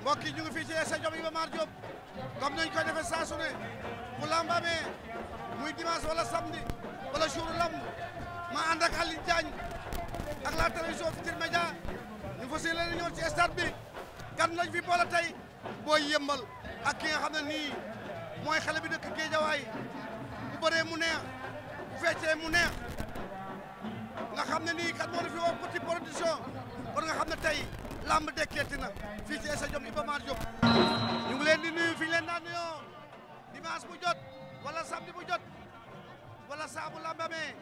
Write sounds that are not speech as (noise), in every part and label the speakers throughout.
Speaker 1: mbokk yi ñu ngi fii ci stade Iba Mar Diop comme nañ koy defee saa su ne bu lamb muy dimanche wala samedi wala jour ma ànd ak ak la télévision Futurs Médias ñu fas yéene ñëw ci stade bi kan lañ fi boole tey booy yëmbal ak ki nga xam ne nii mooy xale bi dëkk Géejawaay bu bëree mu neex bu feccee mu neex nga xam ne nii kat moo la fi woo petit production kon nga xam ne tey lamb dekkeeti na fii ci stade Iba Mar Diop ñu ngi leen di nuyu fi ñu leen bu jot wala samedi bu jot wala saabu lamb amee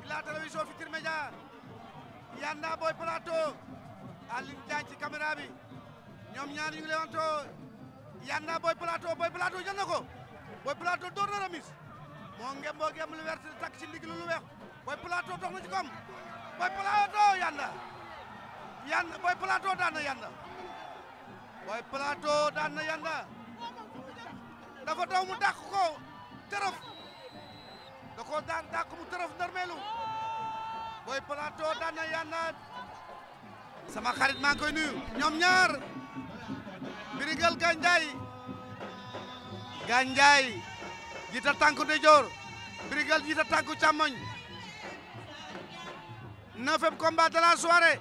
Speaker 1: ci la télévision Futurs Boy Plateau Aline Diagne ñoom ñaar ñu ngi lewantoo Boy Plateau Boy Plateau jël na Boy Plateau door na moo ngem boo ngem lu vert weex Boy Plateau dox na Boy Plateau Yanda yanda booy plateau daan na yanda dafa daw dàq ko tërëf da koo daan dàq mu tërëf ndërmeelu booy plateau daan na yanda sama xarit maa ngi koy nuyu ñoom ñaar birigal gànjaay gànjaay jiita tànku ndeyjoor birigal jiita tànku càmmoñ neuvième combat de la soirée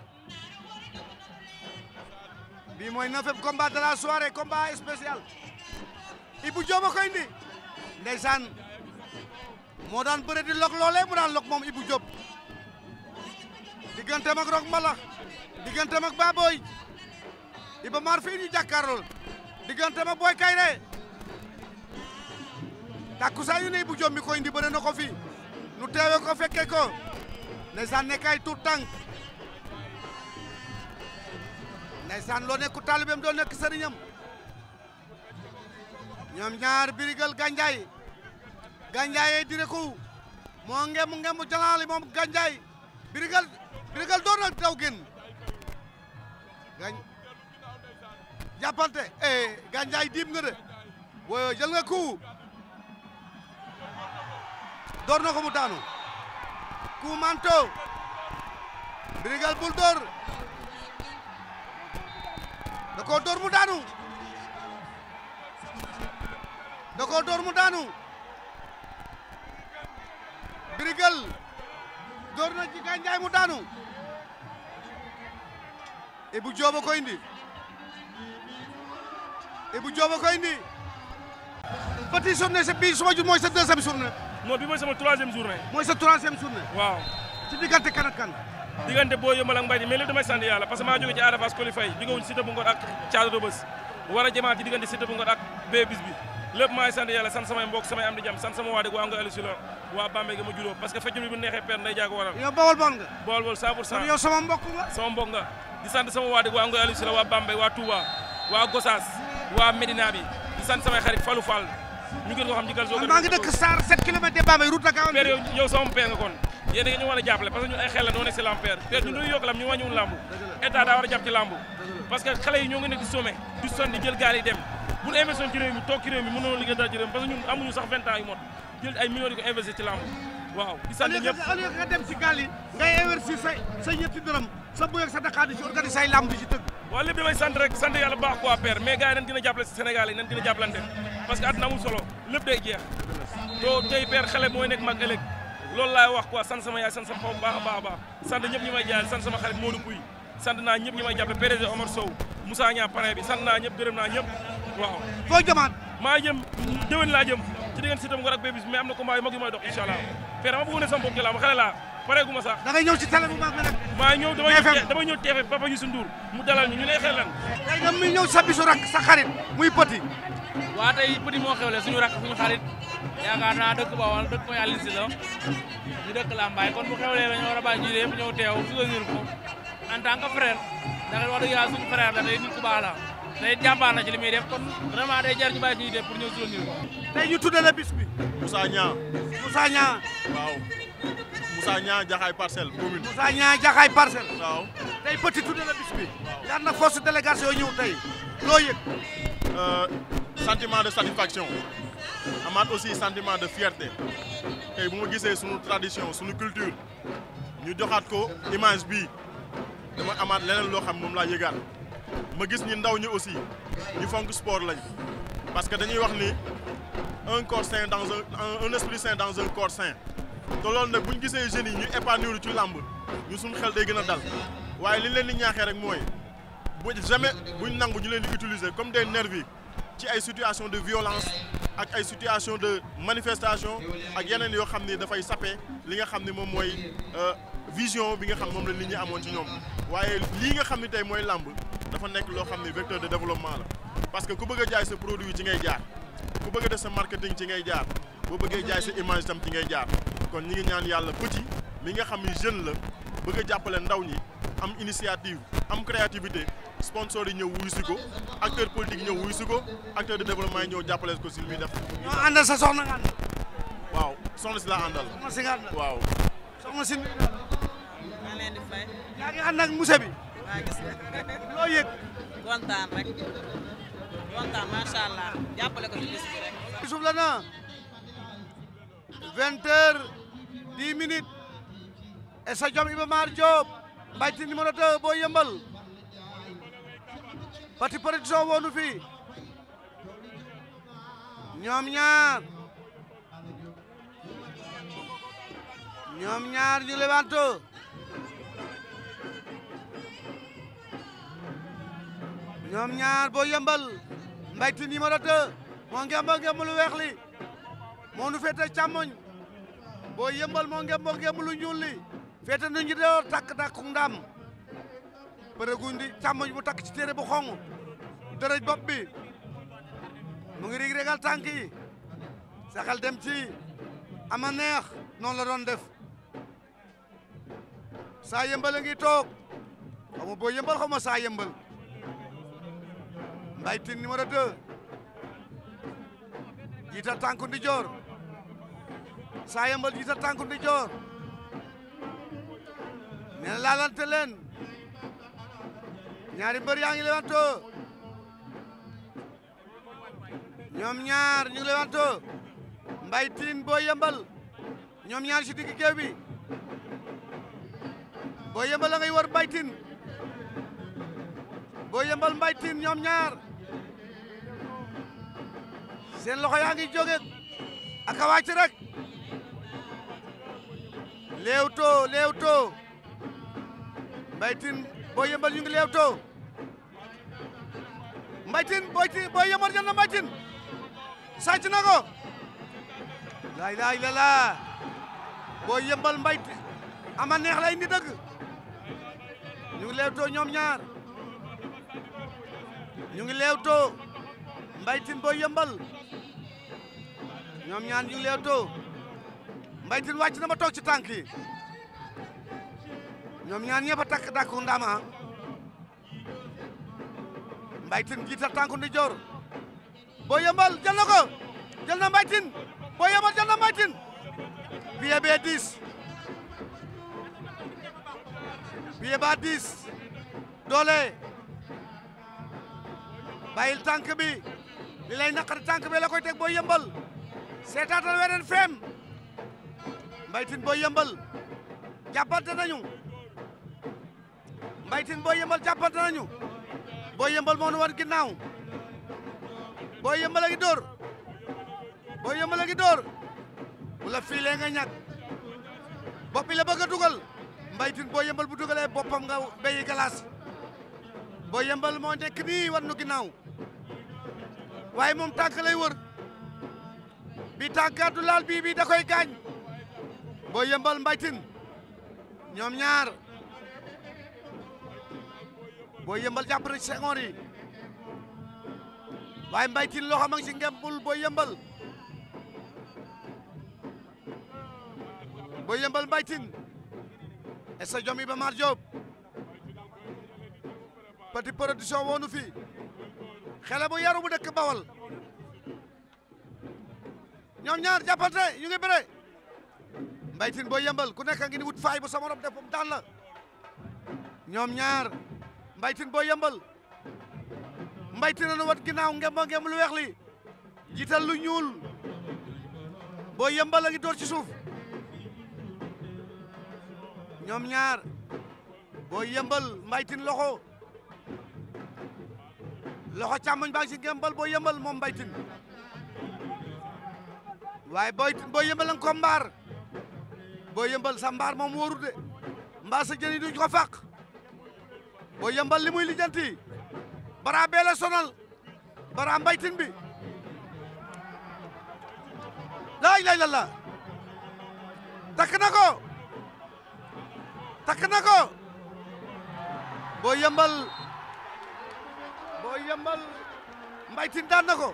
Speaker 1: bii mooy neuvième combat de la soirée combat spécial Ibou Diop a koy indi ndeysaan moo daan bëre di lok loolee mu daan lok moom Ibou Diop digganteem ak Mbalax digganteem ak Baboy Iba Mar fi ñu jàkkaarlool digganteem ak Boy Kayre takkusaan ne Ibou Diop mi koy indi na ko fi nu teewe ko fekke ko ndeysaan nekk ay tuut tànk ndaysaan loo nekku taalibeem doo nekk sëriñam ñoom ñaar birigal gànjaay gànjaay direku moo ngemu ngemu jalaali moom gànjaay birigal birigal doon na daw génn gañ jàppante eh gànjaay diim nga de woyo jël nga ku door na ko mu daanu ku manto birigal bul door da koo dóor mu daanu da koo dóor mu daanu Brigeul dóor na ci Gandiaye mu daanu Ibou Diop a koy indi Ibou Diop a koy indi Petit
Speaker 2: bii mooy sa deuxième journée non bi mooy sa troisième journée waaw ci diggante kan ak kan diggante boo yëmbal ak mbay mi mais lépp damay sant yàlla parce que jóge ci Arafas qualifié jóge wuñ bu Ngor ak Thiatou Rebeuss war a jëmaat ci diggante Siteu bu Ngor ak bee bis bi lépp maay sant yàlla samay mbokk samay am di jàmm sant sama waa dëkk waa di sant sama waa dëkk waa Ngor Aliou waa Bambey waa Touba waa Gossas waa Médina bi samay xarit Fallou Fall ñu gën ko xam ci Galzo maa ngi dëkk Sarr 7 kilomètres de Bambey route la yow yéen da ñu war a jàppale parce que ñun ay xel la si lamb père père ñu duñu yokk lam ñu wàññiwul lamb état daa war a jàpp ci lamb parce que xale yi ñoo ngi nekk sommet du sonn di jël gaal dem bu ñu investir toog ci réew mi liggéey dara ci parce que ñun amuñu sax vingt ans jël ay millions ko investir ci lamb waaw di sant ñëpp allez nga dem si gaal yi ngay investir sa sa ñetti dërëm sa boy sa daqaar ci tëgg waaw loolu laay wax quoi sant sama yaay sant sama xaw baax a baax a baax sant ñëpp ñi may jaayal sant sama xarit Modou Pouy sant naa ñëpp ñi may jàppe président Omar Sow Moussa Niang pare bi sant naa ñëpp naa ñëpp waaw foo jëmaat maa jëm déwén laa jëm ci diggante Siteu Ngor ak Bébé am na combat yu mag yu may dox incha allah fee dama bëggoon ne sama ma xale laa pare ma sax da ngay ñëw ci télé bu mag nag maa ñëw dama ñëw teefe papa ñu sunduur mu dalal ñu ñu lay xel lan ñëw sa bisu rak sa xarit muy petit waa tey petit moo xewle suñu rak suñu xarit yaakaar naa dëkk Bawol dëkk mooy Alioune Sy ñu dëkk Lambaye kon bu xewlee dañu war a bàyyi ñu yëpp ñëw teew soutenir ko en tant que frère ndax wax dëgg yàlla suñu frère la day nit
Speaker 3: day jàmbaar ci li muy def kon vraiment day jar ñu bàyyi ñuy def pour ñëw soutenir ko. tey ñu tuddee la bis bi. Moussa Niang. Moussa Niang. waaw Moussa la
Speaker 1: bis bi. na force délégation ñëw tey
Speaker 3: loo euh, sentiment de satisfaction. amaat aussi sentiment de fierté tey bu ma gisee suñu tradition suñu culture ñu joxaat ko image bi dama amaat leneen loo xam moom laa yëgaat ma gis ñi ndaw ñu aussi ñu fonk sport lañ parce que dañuy wax ni un corps sain dans un un esprit sain dans un corps sain te loolu nag bu ñu gisee jeunes yi ñu épanouir ci làmb ñu suñu xel day gën a dal waaye li leen di ñaaxee rek mooy bu jamais buñ nangu ñu leen di utiliser comme des nervis ci ay situation de violence ak ay situation de manifestation ak yeneen yoo xam ni dafay sappe li nga xam ni moom mooy euh, vision bi nga xam moom la nit ñi amoon ci ñoom waaye lii nga xam ni tey mooy làmb dafa nekk loo xam ni vecteur de développement la parce que ku bëgg a jaay sa produit ci ngay jaar ku bëgg a def sa marketing ci ngay jaar boo bëggee jaay sa image tam ci ngay jaar kon ñi ngi ñaan yàlla petit mi nga xam ni jeune la bëgg a jàppale ndaw ñi am initiative am créativité sponsor yi ñëw wuyu si ko acteur politique ñëw wuyu si ko acteur de développement yi ñëw jàppale ko si li def. ñoo àndal sa soxna nga àndal. waaw soxna si laa àndal. soxna si nga àndal waaw. soxna si. maa
Speaker 1: leen di fay. yaa ngi ànd ak monsieur bi. waa gis
Speaker 3: nga loo
Speaker 1: yëg. kontaan rek kontaan macha allah jàppale ko ci bis bi rek. suuf la na vingt heures dix minutes stade Iba Mbathie numéro 2 Boy Yeumbeul Petit Production woonu fii ñoom ñaar ñoom ñaar ñu lewanto ñoom ñaar Boy Yeumbeul Mbathie numéro 2 moo ngembo ngemb lu weex li moo nu féete càmmoñ Boy Yeumbeul moo ngembo ngemb lu ñuul li feete nañu doon takk takku ndam përeguñ di càmmoñ bu takk ci téere bu xong dërëj bopp bi ngi rig regal tànk yi saxal dem ci ama neex noonu la doon def saa yëmbal a ngi toog xaw ma boo yëmbal xaw ma saa yëmbal mbay tin numéro 2 jiital tànku ndi joor saa yëmbal jiital tànku ndi joor nee na ñaari mbër yaa ngi lewanto ñoom ñaar ngi lewanto mbay tiin boo ñoom ñaar si digg géew bi boo yëmbal la ngay war mbay tiin boo yëmbal ñoom ñaar seen loxo yaa ngi jóge a wàcc rek léew too Mbaye Tine Boy Yeumbeul ñu ngi leewtoo Mbaye Tine Boy Tine Boy Yeumbeul jël na Mbaye Tine sàcc na ama neex lay indi dëgg ñu ngi leewtoo ñoom ñaar ñu ngi leewtoo Mbaye Tine Boy Yeumbeul ñoom ñaar ñu ngi leewtoo Mbaye wàcc na ma toog ci tànk ñoom ñaar ñëpp a takk dàkku ndama Mbaye Tine jiital tànku ndi joor Boy Yeumbeul na ko jël na Mbaye Tine Boy na Mbaye Tine billet bee 10 doole bàyyil tànk bi li lay naqari tànk la koy teg Boy Yeumbeul seetaatal weneen feem Mbaye Tine Boy Yeumbeul jàppante Mbaye Tine Boy Yeumbeul jàppante nañu Boy moo nu wan ginnaaw Boy Yeumbeul a ngi dóor Boy Yeumbeul a ngi dóor wala nga ñàkk bopp yi la bëgg a dugal Mbaye Tine Boy Yeumbeul boppam nga béyi galaas Boy Yeumbeul moo njëkk nii wan nu ginnaaw waaye moom tànk lay wër bi tànkaat du laal bii bii da koy gaañ Boy Yeumbeul Mbaye ñoom ñaar booy yëmbal jàpp na ci sengoor yi waaye Mbaye loxo ma ngi ci ngembul booy yëmbal booy yëmbal Mbaye Tine esa jom Iba Mar Diop petit production woonu fi xele bu yaru bu dëkk Bawal ñoom ñaar jàppante ñu ngi bëre booy yëmbal ku nekka ngi ni wut faay bu sa morom def daan la ñoom ñaar Mbaye boo yëmbal Mbaye Tine na wat ginnaaw ngemba ngemb lu weex li lu ñuul boo yëmbal a ngi door ci suuf ñoom ñaar boo yëmbal Mbaye Tine loxo loxo càmmoñ baa ngi ci ngembal boo yëmbal moom Mbaye waaye booy boo yëmbal nga ko mbaar boo yëmbal sa moom wóoru de mbaa sa jën duñ ko fàq boo yëmbal li muy lijjanti bara bee la sonal bara mbaytin bi laa ilaaha illallaah takk na ko takk na ko boo yëmbal boo yëmbal mbaytin daan ko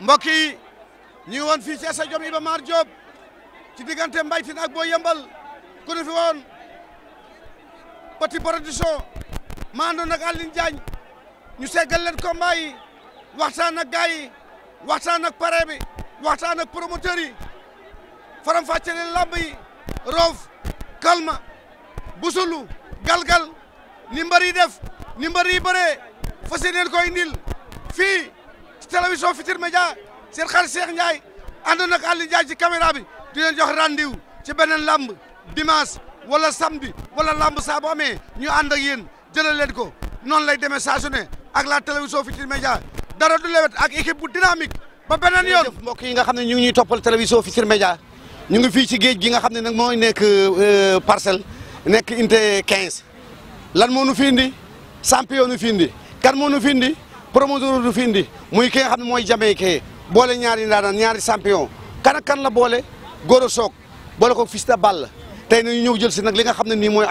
Speaker 1: mbokk yi fii ci stade Iba Mar Diop ci diggante mbaytin ak boo yëmbal ku fi woon Petit production ma àndoon ak Aline Diagne ñu seggal leen combat yi waxtaan ak gars yi waxtaan ak pare yi faram fàcce leen làmb yi roof kalma busulu galgal ni mbër yi def ni mbër yi koy indil fii ci télévision Futurs Médias seen xarit Cheikh Ndiaye àndoon ak Aline ci caméra bi jox rendez ci beneen làmb dimanche wala samedi wala lamb saa bu amee ñu ànd ak yéen jëlal leen ko noonu lay demee saa su ne ak la télévision Futurs Médias dara du lewet ak équipe bu dynamique ba beneen yoon mbokk yi nga xam ne ñu ngi ñuy toppal télévision Futurs Médias ñu ngi fii ci géej gi nga xam ne nag mooy nekk euh, parcelle nekk unité 15 lan moo nu fi indi champion nu fi indi kan moo nu fi indi promoteur nu fi indi muy ki nga xam ne mooy Jamaïcain boole ñaari ndaanaan ñaari champion kanak kan la boole Gora Sock boole ko Fils Balla tey nañu ñëw jël si nag li nga xam ne nii mooy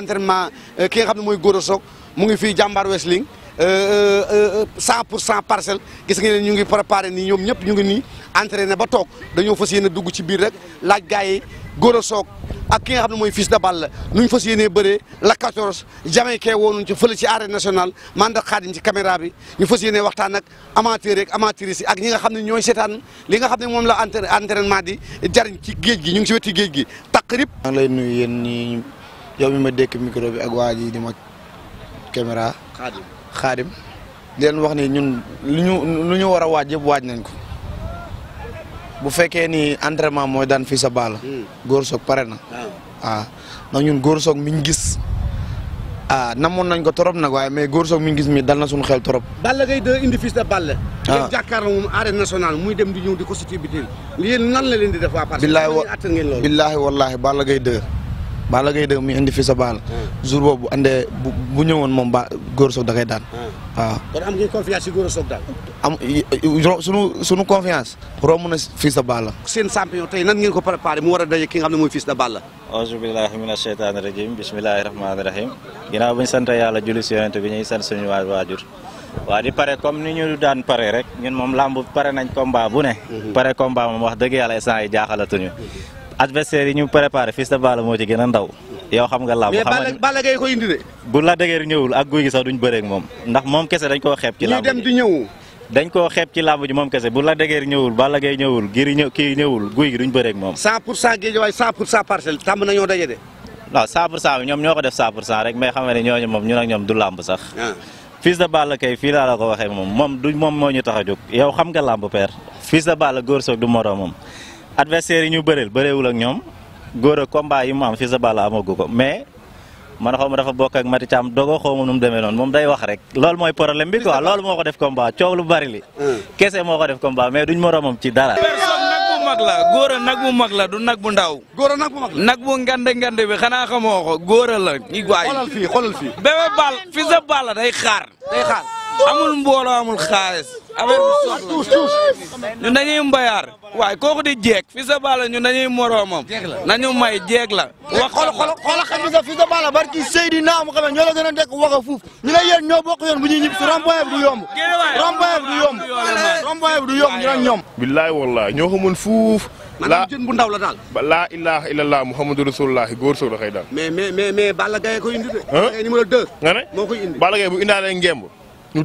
Speaker 1: entraînement euh, ki nga xam ne mooy Gora Sock mu ngi fii jàmbaar Wrestling euh, euh, cent pour cent parcelle gis nga ne ñu ngi préparé nii ñoom ñëpp ñu ngi nii entraîné ba toog dañoo fas yéene dugg ci biir rek laaj gars yi góor a sook ak ki nga xam ne mooy Fils de la nu ñu fas yéenee bëree la 14 jamaïcain woonuñ ci fële ci arène national man da xaadim ci caméra bi ñu fas yéenee waxtaan ak amateur ak amatrice yi ak ñi nga xam ne ñooy seetaan li nga xam ne moom la entraînement di jariñ ci géej gi ñu ngi si wetu géej gi taq rib maa ngi lay nuyu yéen ñi yow mi ma dékk micro bi ak waa ji di ma caméra xaadim xaadim leen wax ni ñun lu ñu lu ñu war a waaj yëpp waaj nañ ko bu fekkee ni entraînement mooy daan Fils de hmm. góor soog pare na ah. waaw ndax ñun góor soog mi ñu gis ah namoon nañ ko trop nag waaye mais góor soog mi gis mi dal na suñu xel trop. Balla Gaye de indi fils de Balla. waaw ah. ngeen jàkkaarloo moom arène muy dem di ñëw di ko suti bi teel nan la leen di def waa. parce que ngeen loolu billaahi wallaahi Balla Gaye de. Balla gay de mi indi fi sa baal. Ah. jour boobu andee bu bu ñëwoon moom ba góor soog da koy daan. Ah. waaw kon am ngeen confiance si góor soog daal. sunu sunu confiance. romb na fii sa baal.
Speaker 4: seen champion tey nan ngeen ko préparé mu war a daje ki nga xam ne mooy fils de Balla. auzu a mina sheytaani rajim bismillahi rahmaani rahim. ginnaaw bi ñu sant yàlla julli si yonent bi ñuy sant suñu waajur. waa di pare comme ni ñu daan pare rek ñun moom làmb pare nañ combat bu ne. Mm-hmm. pare combat moom wax dëgg yàlla instant yi jaaxalatuñu. adversaire yi ñu préparé Fils de Balla moo ci gën a ndaw yow xam nga làmb. xam nga mais Balla Gaye ko indi de. bu la dëgër ñëwul ak guy gi sax duñ bëreek moom ndax moom kese dañ ko xeeb. ci làmb ji di ñëw. dañ koo xeeb ci làmb ji moom kese bu la dëgër ñëwul Balla Gaye ñëwul giri ñëw kii ñëwul guy gi duñ bëree moom. 100 pour cent géej waay 100 pour cent parcelle tàmm nañoo daje de. non 100 pour cent bi ñoom ñoo ko def 100 pour cent rek mais xam nga ne ñooñu moom ñu ak ñoom du làmb sax. Ah. Fils de Balla kay fii la ko waxee moom moom du moom moo ñu tax a jóg yow xam nga làmb père Fils de Balla góor soog du moroomam adversaires yi ñu bëreel bëreewul ak ñoom góor a combat yi mu am fii ko mais man xaw ma dafa bokk ak Mati Thiam dogo xaw ma nu mu demee noonu moom day wax rek loolu mo problème bi quoi loolu moo ko def combat coow lu bari hmm. kese moo ko def combat mais duñ moroomam ci dara. nag bu mag la góor a nag bu mag la du nag bu ndaw.
Speaker 5: góor a nag bu mag la
Speaker 4: nag bu ngande
Speaker 5: ngande bi xanaa xamoo ko góor a la. xoolal fii xoolal fii. bébé bal fi sa balla day xaar.
Speaker 1: day xaar amul mbooloo amul xaalis. affaire bi suuf ñun dañuy mbayaar waaye kooku di jeeg fi sa bala ñun dañuy moroomam. nañu may jeeg la. wax xool xool xam nga fi sa bala barki Seydina mu xamee ñoo la gën a dekk waxa fuuf ñu ne yéen ñoo bokk yoon bu
Speaker 3: ñuy ñibbi si rond-point
Speaker 1: bi du yomb. rond-point bi du yomb
Speaker 3: rond-point bi du yomb ñu ne ñoom. billaay wallaay ñoo xamoon fuuf. maanaam jën bu ndaw la daal. laa ilaaha illallah muhammadu rasulullahi góor soo la xëy daal. mais mais mais Balla Gaye ko indi de. numéro 2. nga ne moo koy indi Balla Gaye bu indaale ngemb ñu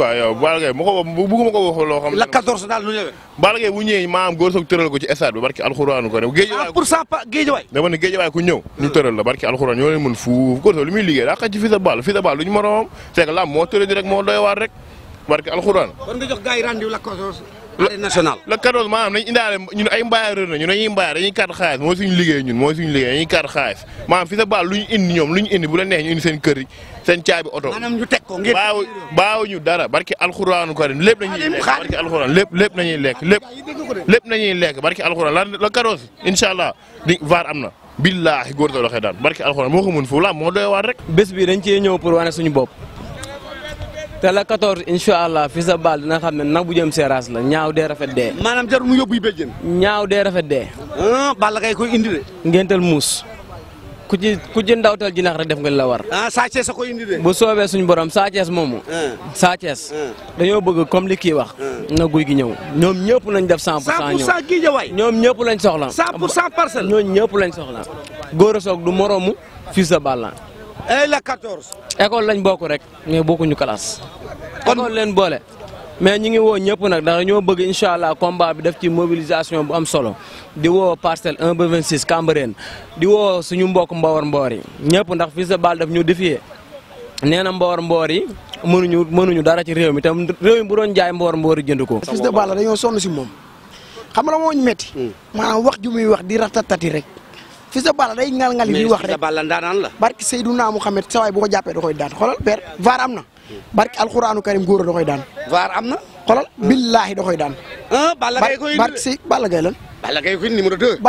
Speaker 3: quoi yow Balla Gaye ma ko bëgguma ko wax loo xam. la 14 daal lu ñëwee. Balla Gaye bu ñëwee maam góor soog tëral ko ci stade bi barki alxuraanu ko ne. géejewaay ah, pour cent pas géejewaay. dama ne géejewaay ku ñëw. ñu tëral la barki alxuraan ñoo leen mën fuuf góor soog li muy liggéey daa xaj ci fii sa baal fii sa baal duñu moroom c'est que lamb moo tëral di rek moo doy waar rek barki alxuraan.
Speaker 1: kon nga jox gars yi rendez-vous la 14.
Speaker 3: arène nationale la 14 maanaam nañ indaale ñun ay mbaaya rër na ñun dañuy mbaaya dañuy kàtt xaalis mooy suñu liggéey ñun mooy suñu liggéey dañuy kàtt xaalis maanaam fi sa baal lu ñu indi ñoom lu ñu indi bu la neex ñu indi seen kër yi seen caabi oto. maanaam ñu teg ko ngeen baaw baawuñu dara barki alxuraanu karim lépp nañuy lekk barki alxuraan lépp lépp lekk lépp. lépp nañuy la karoos incha allah di vaar am na. billaahi góor ta doxee daan barki alxuraan moo ko fu la moo doy waar rek. bés bi dañ cee ñëw pour wane a bopp.
Speaker 5: te la 14 incha allah fi sa baal dina xam ne nag bu jëm seeraas la ñaaw dee rafet dee. maanaam jarul mu yóbbu yi béjjën. Balla Gaye koy indi ngeental muus. ku ci ku ci ndawtal jinax rek def nga li la war. Ah, sa Thiès a ko indi de. bu soobee suñu borom Sa Thiès moomu. Ah. Sa ah. dañoo bëgg comme li kii wax. na guy gi ñëw ñoom ñëpp lañ def. 100 pour cent ñëw 100 ñoom ñëpp lañ soxla. 100 pour cent parcelle ñooñu ñëpp lañ soxla. góor a soog du moromu fii sa Balla. Eh, ay école lañ bokk rek mais bokkuñu classe. kon leen boole. mais ñi ngi woo ñëpp nag ndax ñoo bëgg incha allah combat bi def ci mobilisation bu am solo di woo parcelle 1 ba 26 Cambérène di woo suñu mbokk mbawar mboor yi ñëpp ndax Fils de Balla daf ñu défier nee na mboor mboor yi mënuñu mënuñu dara ci réew mi tam réew mi bu doon jaay mboor mboor yi jënd ko. Fils de Balla dañoo sonn si moom
Speaker 6: xam nga moo ñu metti hmm. maanaam wax ju muy wax di ratatati rek. Fils de a day ngal ngal yi di wax rek mais Fils de Balla ndaanaan la. barki Seydou Naa Mouhamed sa waay bu ko jàppee da koy daan xoolal am na. barki alxuraanu karim góor da koy daan. vaar am na. xoolal billaahi da koy daan. ah Balla Gaye koy barki si Balla Gaye Balla Gaye koy numéro 2.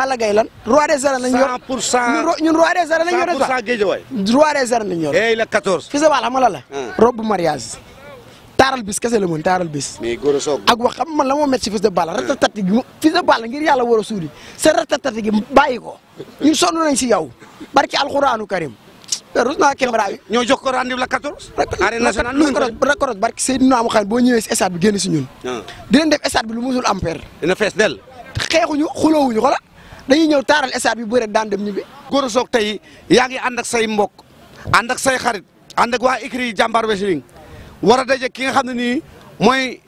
Speaker 6: Eh, la 14. fii sa baal xam nga lan la. Ah. robe mariage. taaral bis kese la taaral bis ak wax xam man la moo métti si fils Balla ah. ratatati gi Balla ngir yàlla war a suuli sa ratatati gi ko ñun sonn si yow barki alxuraanu karim rus naa caméra yi ñoo jox ko rendez-vous la 14. arène nationale lu ko record barki Seydina Mouhamed boo ñëwee si stade bi génn si ñun. Ah. dinañ def stade bi lu musul am père.
Speaker 1: dina fees dell. xeexuñu xuloowuñu xola dañuy ñëw taaral stade bi bëre daan dem ñibbi. Gora Sock tey yaa ngi ànd ak say mbokk ànd ak say xarit ànd ak waa écrit jàmbaar wrestling war a daje ki nga xam ne nii mooy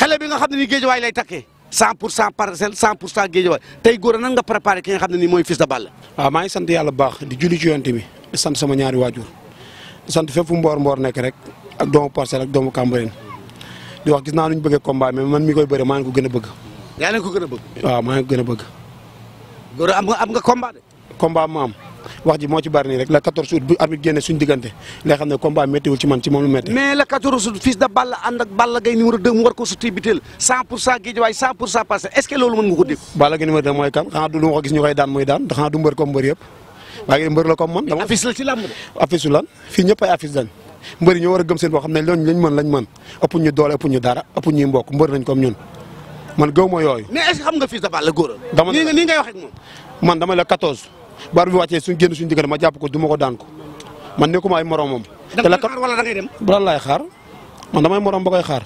Speaker 1: xale bi nga xam ne nii géejawaay lay takkee. cent pour cent parcelle cent pour cent géejawaay tey Gora nan nga préparé ki nga xam ne nii mooy Fils de Balla.
Speaker 7: waaw ah, maa ngi sant yàlla bu baax di julli ci yonent bi di sant sama ñaari waajur sant fépp mboor mboor nekk rek ak doomu parcelle ak doomu Cambérène di wax gis naa nu ñu bëggee combat mais man mi koy bëre maa ngi ko gën a bëgg.
Speaker 1: yaa ngi ko gën a bëgg.
Speaker 7: waaw maa ngi a bëgg. wax ji moo ci bari rek la 14 août bu génne suñu diggante lay xam ne combat méttiwul ci man ci moom lu métti. mais la 14 août fils de Balla ànd ak Balla Gaye numéro 2 mu war ko suti biteel 100 pour cent Guédiawaye 100 pour cent passé est-ce que loolu mën nga ko dégg. Balla Gaye numéro 2 mooy kan xanaa du yëpp maa ngi mbër la comme man. dama affiche la ci làmb de. affiche lan fii ñëpp ay affiche dañ ñoo war a gëm boo xam ne loolu lañ mën lañ mën ëpp doole ëpp ñu dara ëpp ñuy mbokk mbër nañ comme ñun man gëw ma yooyu.
Speaker 1: mais est-ce que xam nga Fils de
Speaker 7: Balla góor a. dama ni ngay wax ak moom. man dama la 14. bar bi suñ génn suñu diggante ma jàpp ko du ma ko daan ko man nekkuma ay moromam. te la kat da nga xaar wala xaar man damay morom ba koy xaar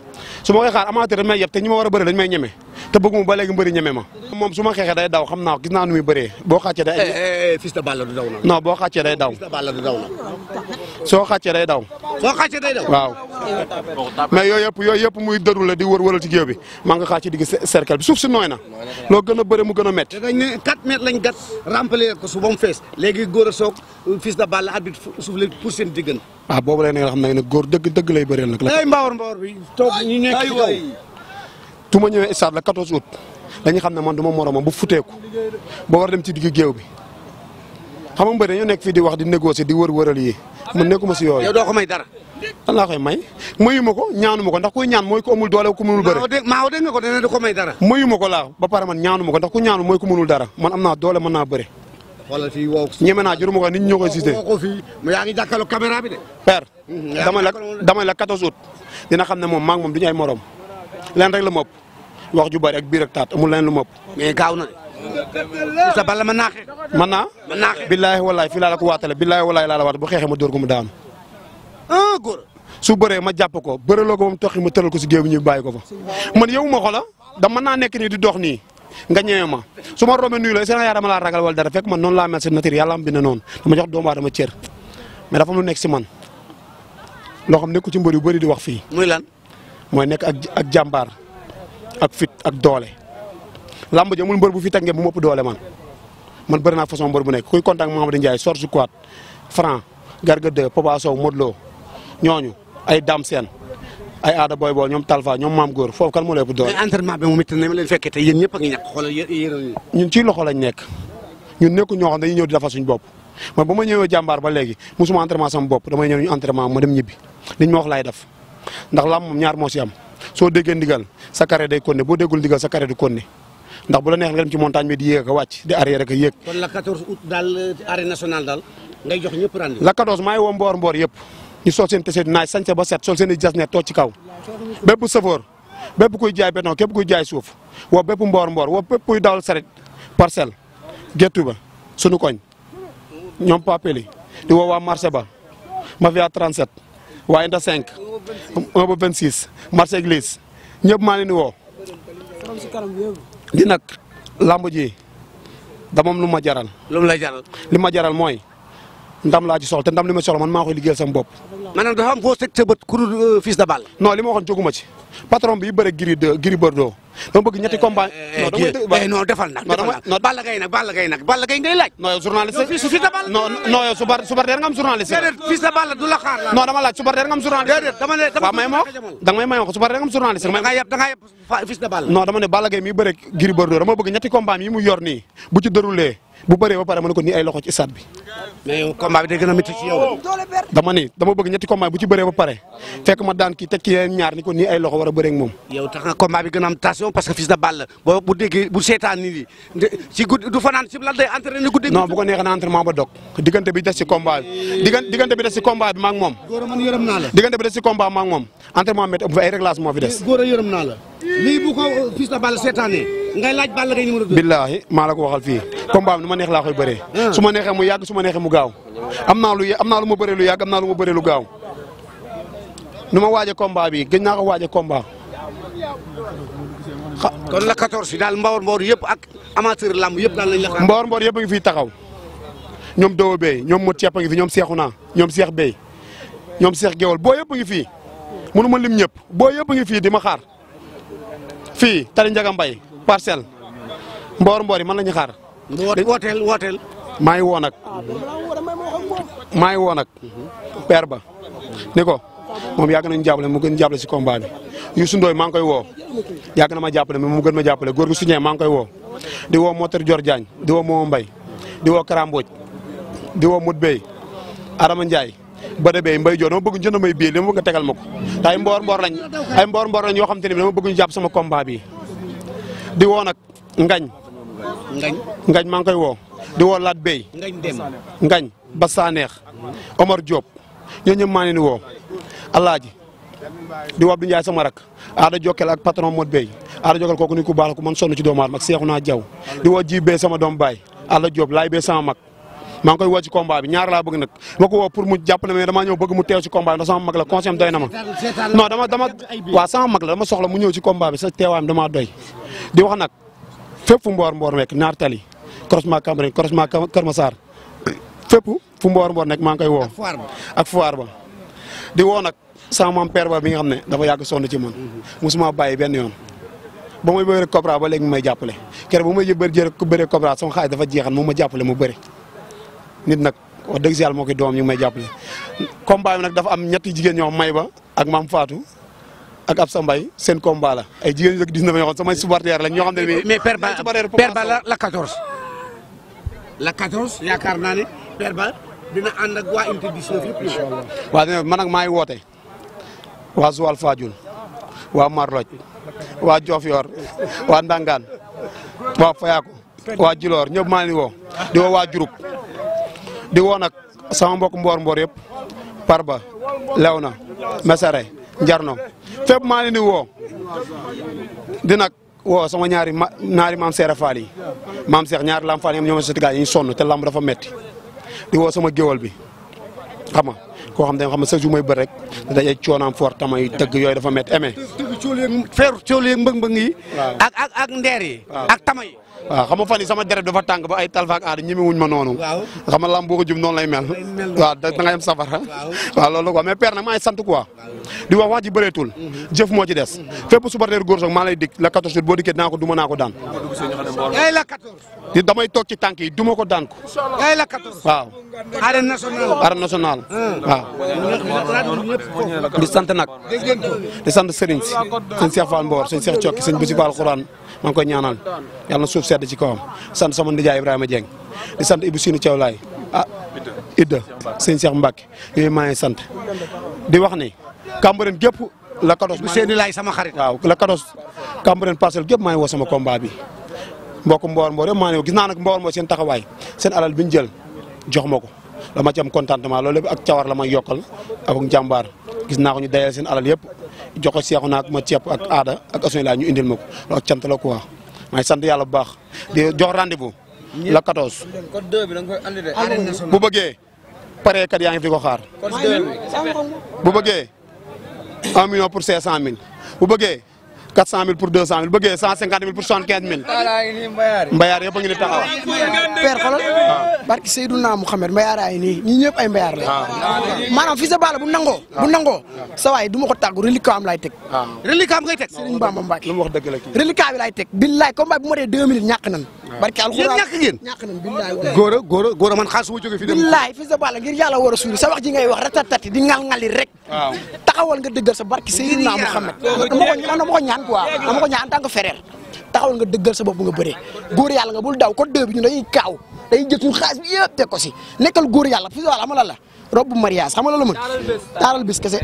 Speaker 7: su ma koy xaar amateur dañ may yeb te ñi ma war a bëri dañ may ñeme te bëgguma ba léegi mbëri ñeme ma moom su ma xeexee day daw xam naa gis naa nu muy bëree boo xàccee day eh, eh, eh, Fils de Balla du daw na non boo xàccee day daw soo xàccee day daw waaw mais yooyu yëpp yooyu yëpp muy dëru la di wër wëral ci géew bi maa nga xaar ci digg cercle suuf si nooy na loo gën a bëri mu gën a métti dañ ne 4 mètres lañ gat remplir ko su mu fees
Speaker 1: léegi góor a soog Fils de Balla arbitre suuf la pour seen diggante
Speaker 7: waaw boobu lay ne nga xam ne nag góor dëgg dëgg lay bëreel mbaawar
Speaker 1: mbaawar bi
Speaker 7: tu ma ñëwee stade la 14 août dañuy xam ne man du ma moromam bu futeeku ba war dem ci digg géew bi xam nga mbëri dañoo nekk fii di wax di négocier di wër-wëral yi man nekkuma si yooyu. yow doo ko may dara. lan laa koy may mayu ma ko ñaanu ma ko ndax kuy ñaan mooy ko amul doole ku mënul bëre. maa dégg nga ko dana ko may dara. mayu ma ko laa ba pare man ñaanu ma ko ndax ku ñaanu mooy ku mënul dara man am naa doole mën naa bëre. wala fii woo ñeme naa juruma ko nit ñoo koy cité. woo ko fii yaa ngi jàkkaarloo caméra Mm-hmm. dama la dama la 14 dina xam ne moom maa ngi moom du ñu ay leen rek la ma wax ju bëri ak biir ak taat amul leen lu mop ëpp. gaaw na de. sa bala ma naaxee. mën naa. ma naaxee billaahi wallaahi fii laa la ko waatale billaahi wallaahi laa la waat bu xeexee ma dóor ko mu daanu. ah góor su bëree ma jàpp ko loo ko ba mu toxi ma tëral ko si géew bi ñu bàyyi ko fa. man yow ma xola ah. dama naa nekk nii di dox nii. nga ñëwee ma su ma romee nuyu la seen yaa dama laa ragal wala dara fekk man noon laa mel si am bi ne noonu dama jox doomu aadama cër mais dafa am nekk si man loo xam nekku ci mbër yu bëri di wax fii. muy lan mooy nekk ak ak jàmbaar ak fit ak doole. làmb ja amul mbër bu fi teg ngeen bu mëpp doole man man bëri naa façon mbër bu nekk kuy contact Mamadou Ndiaye Sorgho Kouat Franc Garga 2 Papa Sow Modou Lo ñooñu ay Dame Sène ay aada boy bool ñoom Talfa ñoom maam góor foofu kan moo lay ëpp doole. mais entraînement bi moom it ne loxo lañ nekk ñun nekku ñoo xam dañuy ñëw di defar suñu bopp man ba ma ñëwee jàmbaar ba léegi musuma entraînement sama bopp damay ñëw ñu entraînement ma dem ñibbi liñ ma wax laay def ndax lam moom ñaar moo si am soo déggee ndigal sa carré day konne boo déggul ndigal sa carré du konne ndax bu la neex nga dem ci montagne bi di yéeg ak wàcc di a ak yéeg.
Speaker 1: kon la 14 août ngay jox ñëpp rendez-vous. la
Speaker 7: 14 maa woo mboor mboor yëpp ñu sool seen tese naaj sañse ba set sol seen i jas ne toog ci kaw bépp safoor bépp kuy jaay béton képp kuy jaay suuf woo bépp mboor mboor woo bépp kuy dawal saret parcelle gettu ba sunu koñ ñoom papeli di woo waa marché ba mafia 37 waaye nda cinq 1 ba 26 marché église ñëpp maa leen di woo. di nag làmb ji dama am lu ma jaral. lu lay jaral. li ma jaral mooy ndam laa ci soxla te ndam li ma soxla man maa koy liggéeyal sama bopp. maanaam dafa am foo teg sa bët ku dul euh, Fils baal noo non li ma waxoon jóguma ci patron bi yu bëre Gris doo dama bëgg ñetti eh, combat. Eh, eh, non defal nag defal nag Balla Gaye nag Balla Gaye nag
Speaker 1: Balla Gaye ngay laaj. non yow journaliste fii su
Speaker 7: subar der nga am journaliste. déedéet fii du la xaar. non dama laaj subar der nga am journaliste. dama ne dama may ma da nga may may ko subar mi mu yor nii bu ci déroulé bu bëree ba pare ma ne ko nii ay loxo ci bi. mais a métti ci yow. dama ni dama bëgg ñetti combat bu ci bëree ba pare fekk ma daan kii teg ñaar ni ko nii ay loxo war a bëree ak moom. bi gën a am tension parce que Fils de Balla boo bu déggee bu seetaan du fanaan ci lan day entraîné guddi. non bu ko neexee na ba dog diggante bi des ci combat bi diggante bi des ci combat bi ma ak moom. ma ak moom ay réglage fi des. góor maa la ko fii combat bi ma neex laa koy bëree su ma neexee mu yàgg su ma neexee mu gaaw am naa lu am naa lu ma bëree lu lu ma bëree lu gaaw ma waaje combat bi gëj naa ko waaje combat kon la 14 daal yëpp ak amateur lamb yëpp daal la mboor mboor yëpp a taxaw ñoom Dowa Bey ñoom Modou Thiep a ngi fi ñoom Seexu Naa ñoom Seex Bey ñoom Seex Gewal boo yëpp a ngi fii mënu ma lim ñëpp boo yëpp a fii di ma xaar fii Tali Njaga Mbay parcelle mboor mboor yi man la ñu xaar wooteel wooteel. maa ngi woon ak. maa ngi woon ak. ba ni ko moom yàgg nañu jàppale mu gën jàppale si combat bi Youssou Ndoye ngi koy woo yàgg na ma jàppale mais mu gën ma jàppale góor gu suñu maa ngi koy woo. di woo Moteur Dior Diagne di woo Momo Mbaye di woo Karamboj di woo Modou Bey Adama njaay Bada Bey Mbaye Dior dama bëgg jënd may bii nga tegal ma ko te ay mboor ay mboor mboor yoo xam te ne dama bëgg ñu sama combat bi woo nag ngañ ngañ ngañ maa ngi koy woo di woo Lat Bey ngañ dem ngañ ba Saneex Omar Diop ñoo ñëpp maa leen di woo Alaaji di woo Abdou Ndiaye sama rak aada jokkel ak patron Modou Bey aada jokkel kooku ni ku baax ku mën sonn ci doomu aadama ak seexu naa jaw di woo ji bey sama doom baay Alla Diop laay bey sama mag maa ngi koy woo ci combat bi ñaar laa bëgg nag ma ko woo pour mu jàppale mais damaa ñëw bëgg mu teew ci combat bi ndax sama mag la conseil doy na ma non dama dama waaw sama la dama soxla mu ñëw ci combat bi sa teewaayam damaa doy fépp fu mboor mboor nekk ñaar tali croisement Cambérène croisement Kër Massar fépp fu mboor mboor nekk maa ngi koy woo ak foire ba di woo nag sama maam père ba bi nga xam ne dafa yàgg sonn ci man mosuma bàyyi benn yoon ba may bëre Cobra ba léegi mu may jàppale keroog bu may jëbër jër bëre Cobra sama xaalis dafa jeexan moom ma jàppale mu bëri nit nag wax dëgg si yàlla moo koy doom ñu ngi may jàppale combat nag dafa am ñetti jigéen ñoo may ba ak maam Fatou ak Absa Mbaye seen combat la ay jigéen ñi rek 19 ñoo xam samay supporter lañ ñoo xam ne la la la 14 yaakaar naa ne
Speaker 1: Père Ba waa unité 19
Speaker 7: man maa ngi woote waa Joal Fadiouth waa Marloj waa Diofior waa Ndangaan waa Fayako waa Djilor ñëpp maa ngi woo di woo waa Diouroup di woo nag sama mbokk mbor mboor yëpp Parba Lewna Mesare njarno fépp maa leen woo di woo sama ñaari ma ñaari maam Seera Faal yi maam Seex ñaari lam Faal yi ñoom si gaa yi sonn te lamb dafa metti di woo sama géwal bi xam nga koo xam ne xam nga chaque jour mooy bër rek tamay dëgg yooyu dafa metti eme feer cool yeeg mbëng yi ak ak ak ndeer waaw xam fan yi sama deret dafa tàng ba ay Talfa ak aada ñemewuñ ma noonu. waaw lamboo nga lamb boo ko jub noonu lay mel. waaw da nga yem safara. waaw loolu quoi mais père nag maa ngi ko quoi. di wax wax ji bëreetul. Mhm. jëf moo ci des. fépp supporter góor soog ma lay dig la 14 jours boo dikkee dinaa ko duma naa ko daan. yaay la 14. di damay toog ci tànk yi duma ko daan ko. la 14. waaw. arène nationale. arène nationale. Ah. waaw. di sant nag. di sant Serigne si. sëñ Cheikh Fall Mbor sëñ Cheikh Thiock sëñ Basi Fall maa ngi koy ñaanal yàlla na suuf sedd ci kawam sant sama ndijaay Ibrahima Dieng di sant Ibou Sini Thiaw Laay ah Idda sëñ Cheikh Mbacke yooyu maa ngi sant di wax ni Cambérène gépp la kados seeni laay sama xarit waaw la kados Cambérène parcelle gépp maa ngi woo sama combat bi mbokk mboor mboor yëpp maa gis naa nag mboor mboor seen taxawaay seen alal bi ñu jël jox ma ko dama ci am contentement loolu lépp ak cawar la may yokkal ak njàmbaar gis naa ko ñu dayal seen alal yëpp jox ko seexu ma ceeb ak aada ak asoy laa ñu indi ma ko loolu cant la quoi may sant yàlla bu baax di jox rendez-vous la 14. bu bëggee pare kat yaa ngi fi ko xaar. bu bëggee 1 cent pour 500000 bu bëggee. 400000 pour 200000 bëggee 150000 pour 75000. mbayaar yëpp a ngi ni taxaw. père xoolal. waaw barki Seydouna
Speaker 6: Mouhamed mbayaar ay nii ñii ñëpp ay mbayaar la. Ah. maanaam fii sa baala bu nangoo. bu ah. nangoo sa waay du ma ko tàggu reliquat am laay teg. waaw ah. reliquat am ngay teg. Serigne Bamba Mbacke lu mu wax dëgg la kii. reliquat bi laay teg billaay combat bu ma dee 2 minutes ñàkk nan. barki alxuraan ñàkk ngeen
Speaker 1: ñàkk nan billaay. góor a góor a góor a man xaalis bu jógee fii dem. billaay
Speaker 6: fii sa baala ngir yàlla war a suuri sa wax ji ngay wax ratatati di ngal ngali rek. taxawal nga dëggal sa barki Seydouna Mouhamed. dama ko ñaan ñaan quoi a ko ñaan en tant que frère taxawal nga dëggal sa bopp nga bëree góor yàlla nga bul daw ko deux ñu dañuy kaaw dañuy jël suñu xaalis bi yëpp teg ko si nekkal góor yàlla fi wàll xam nga la robe mariage xam la mën taaral bis kese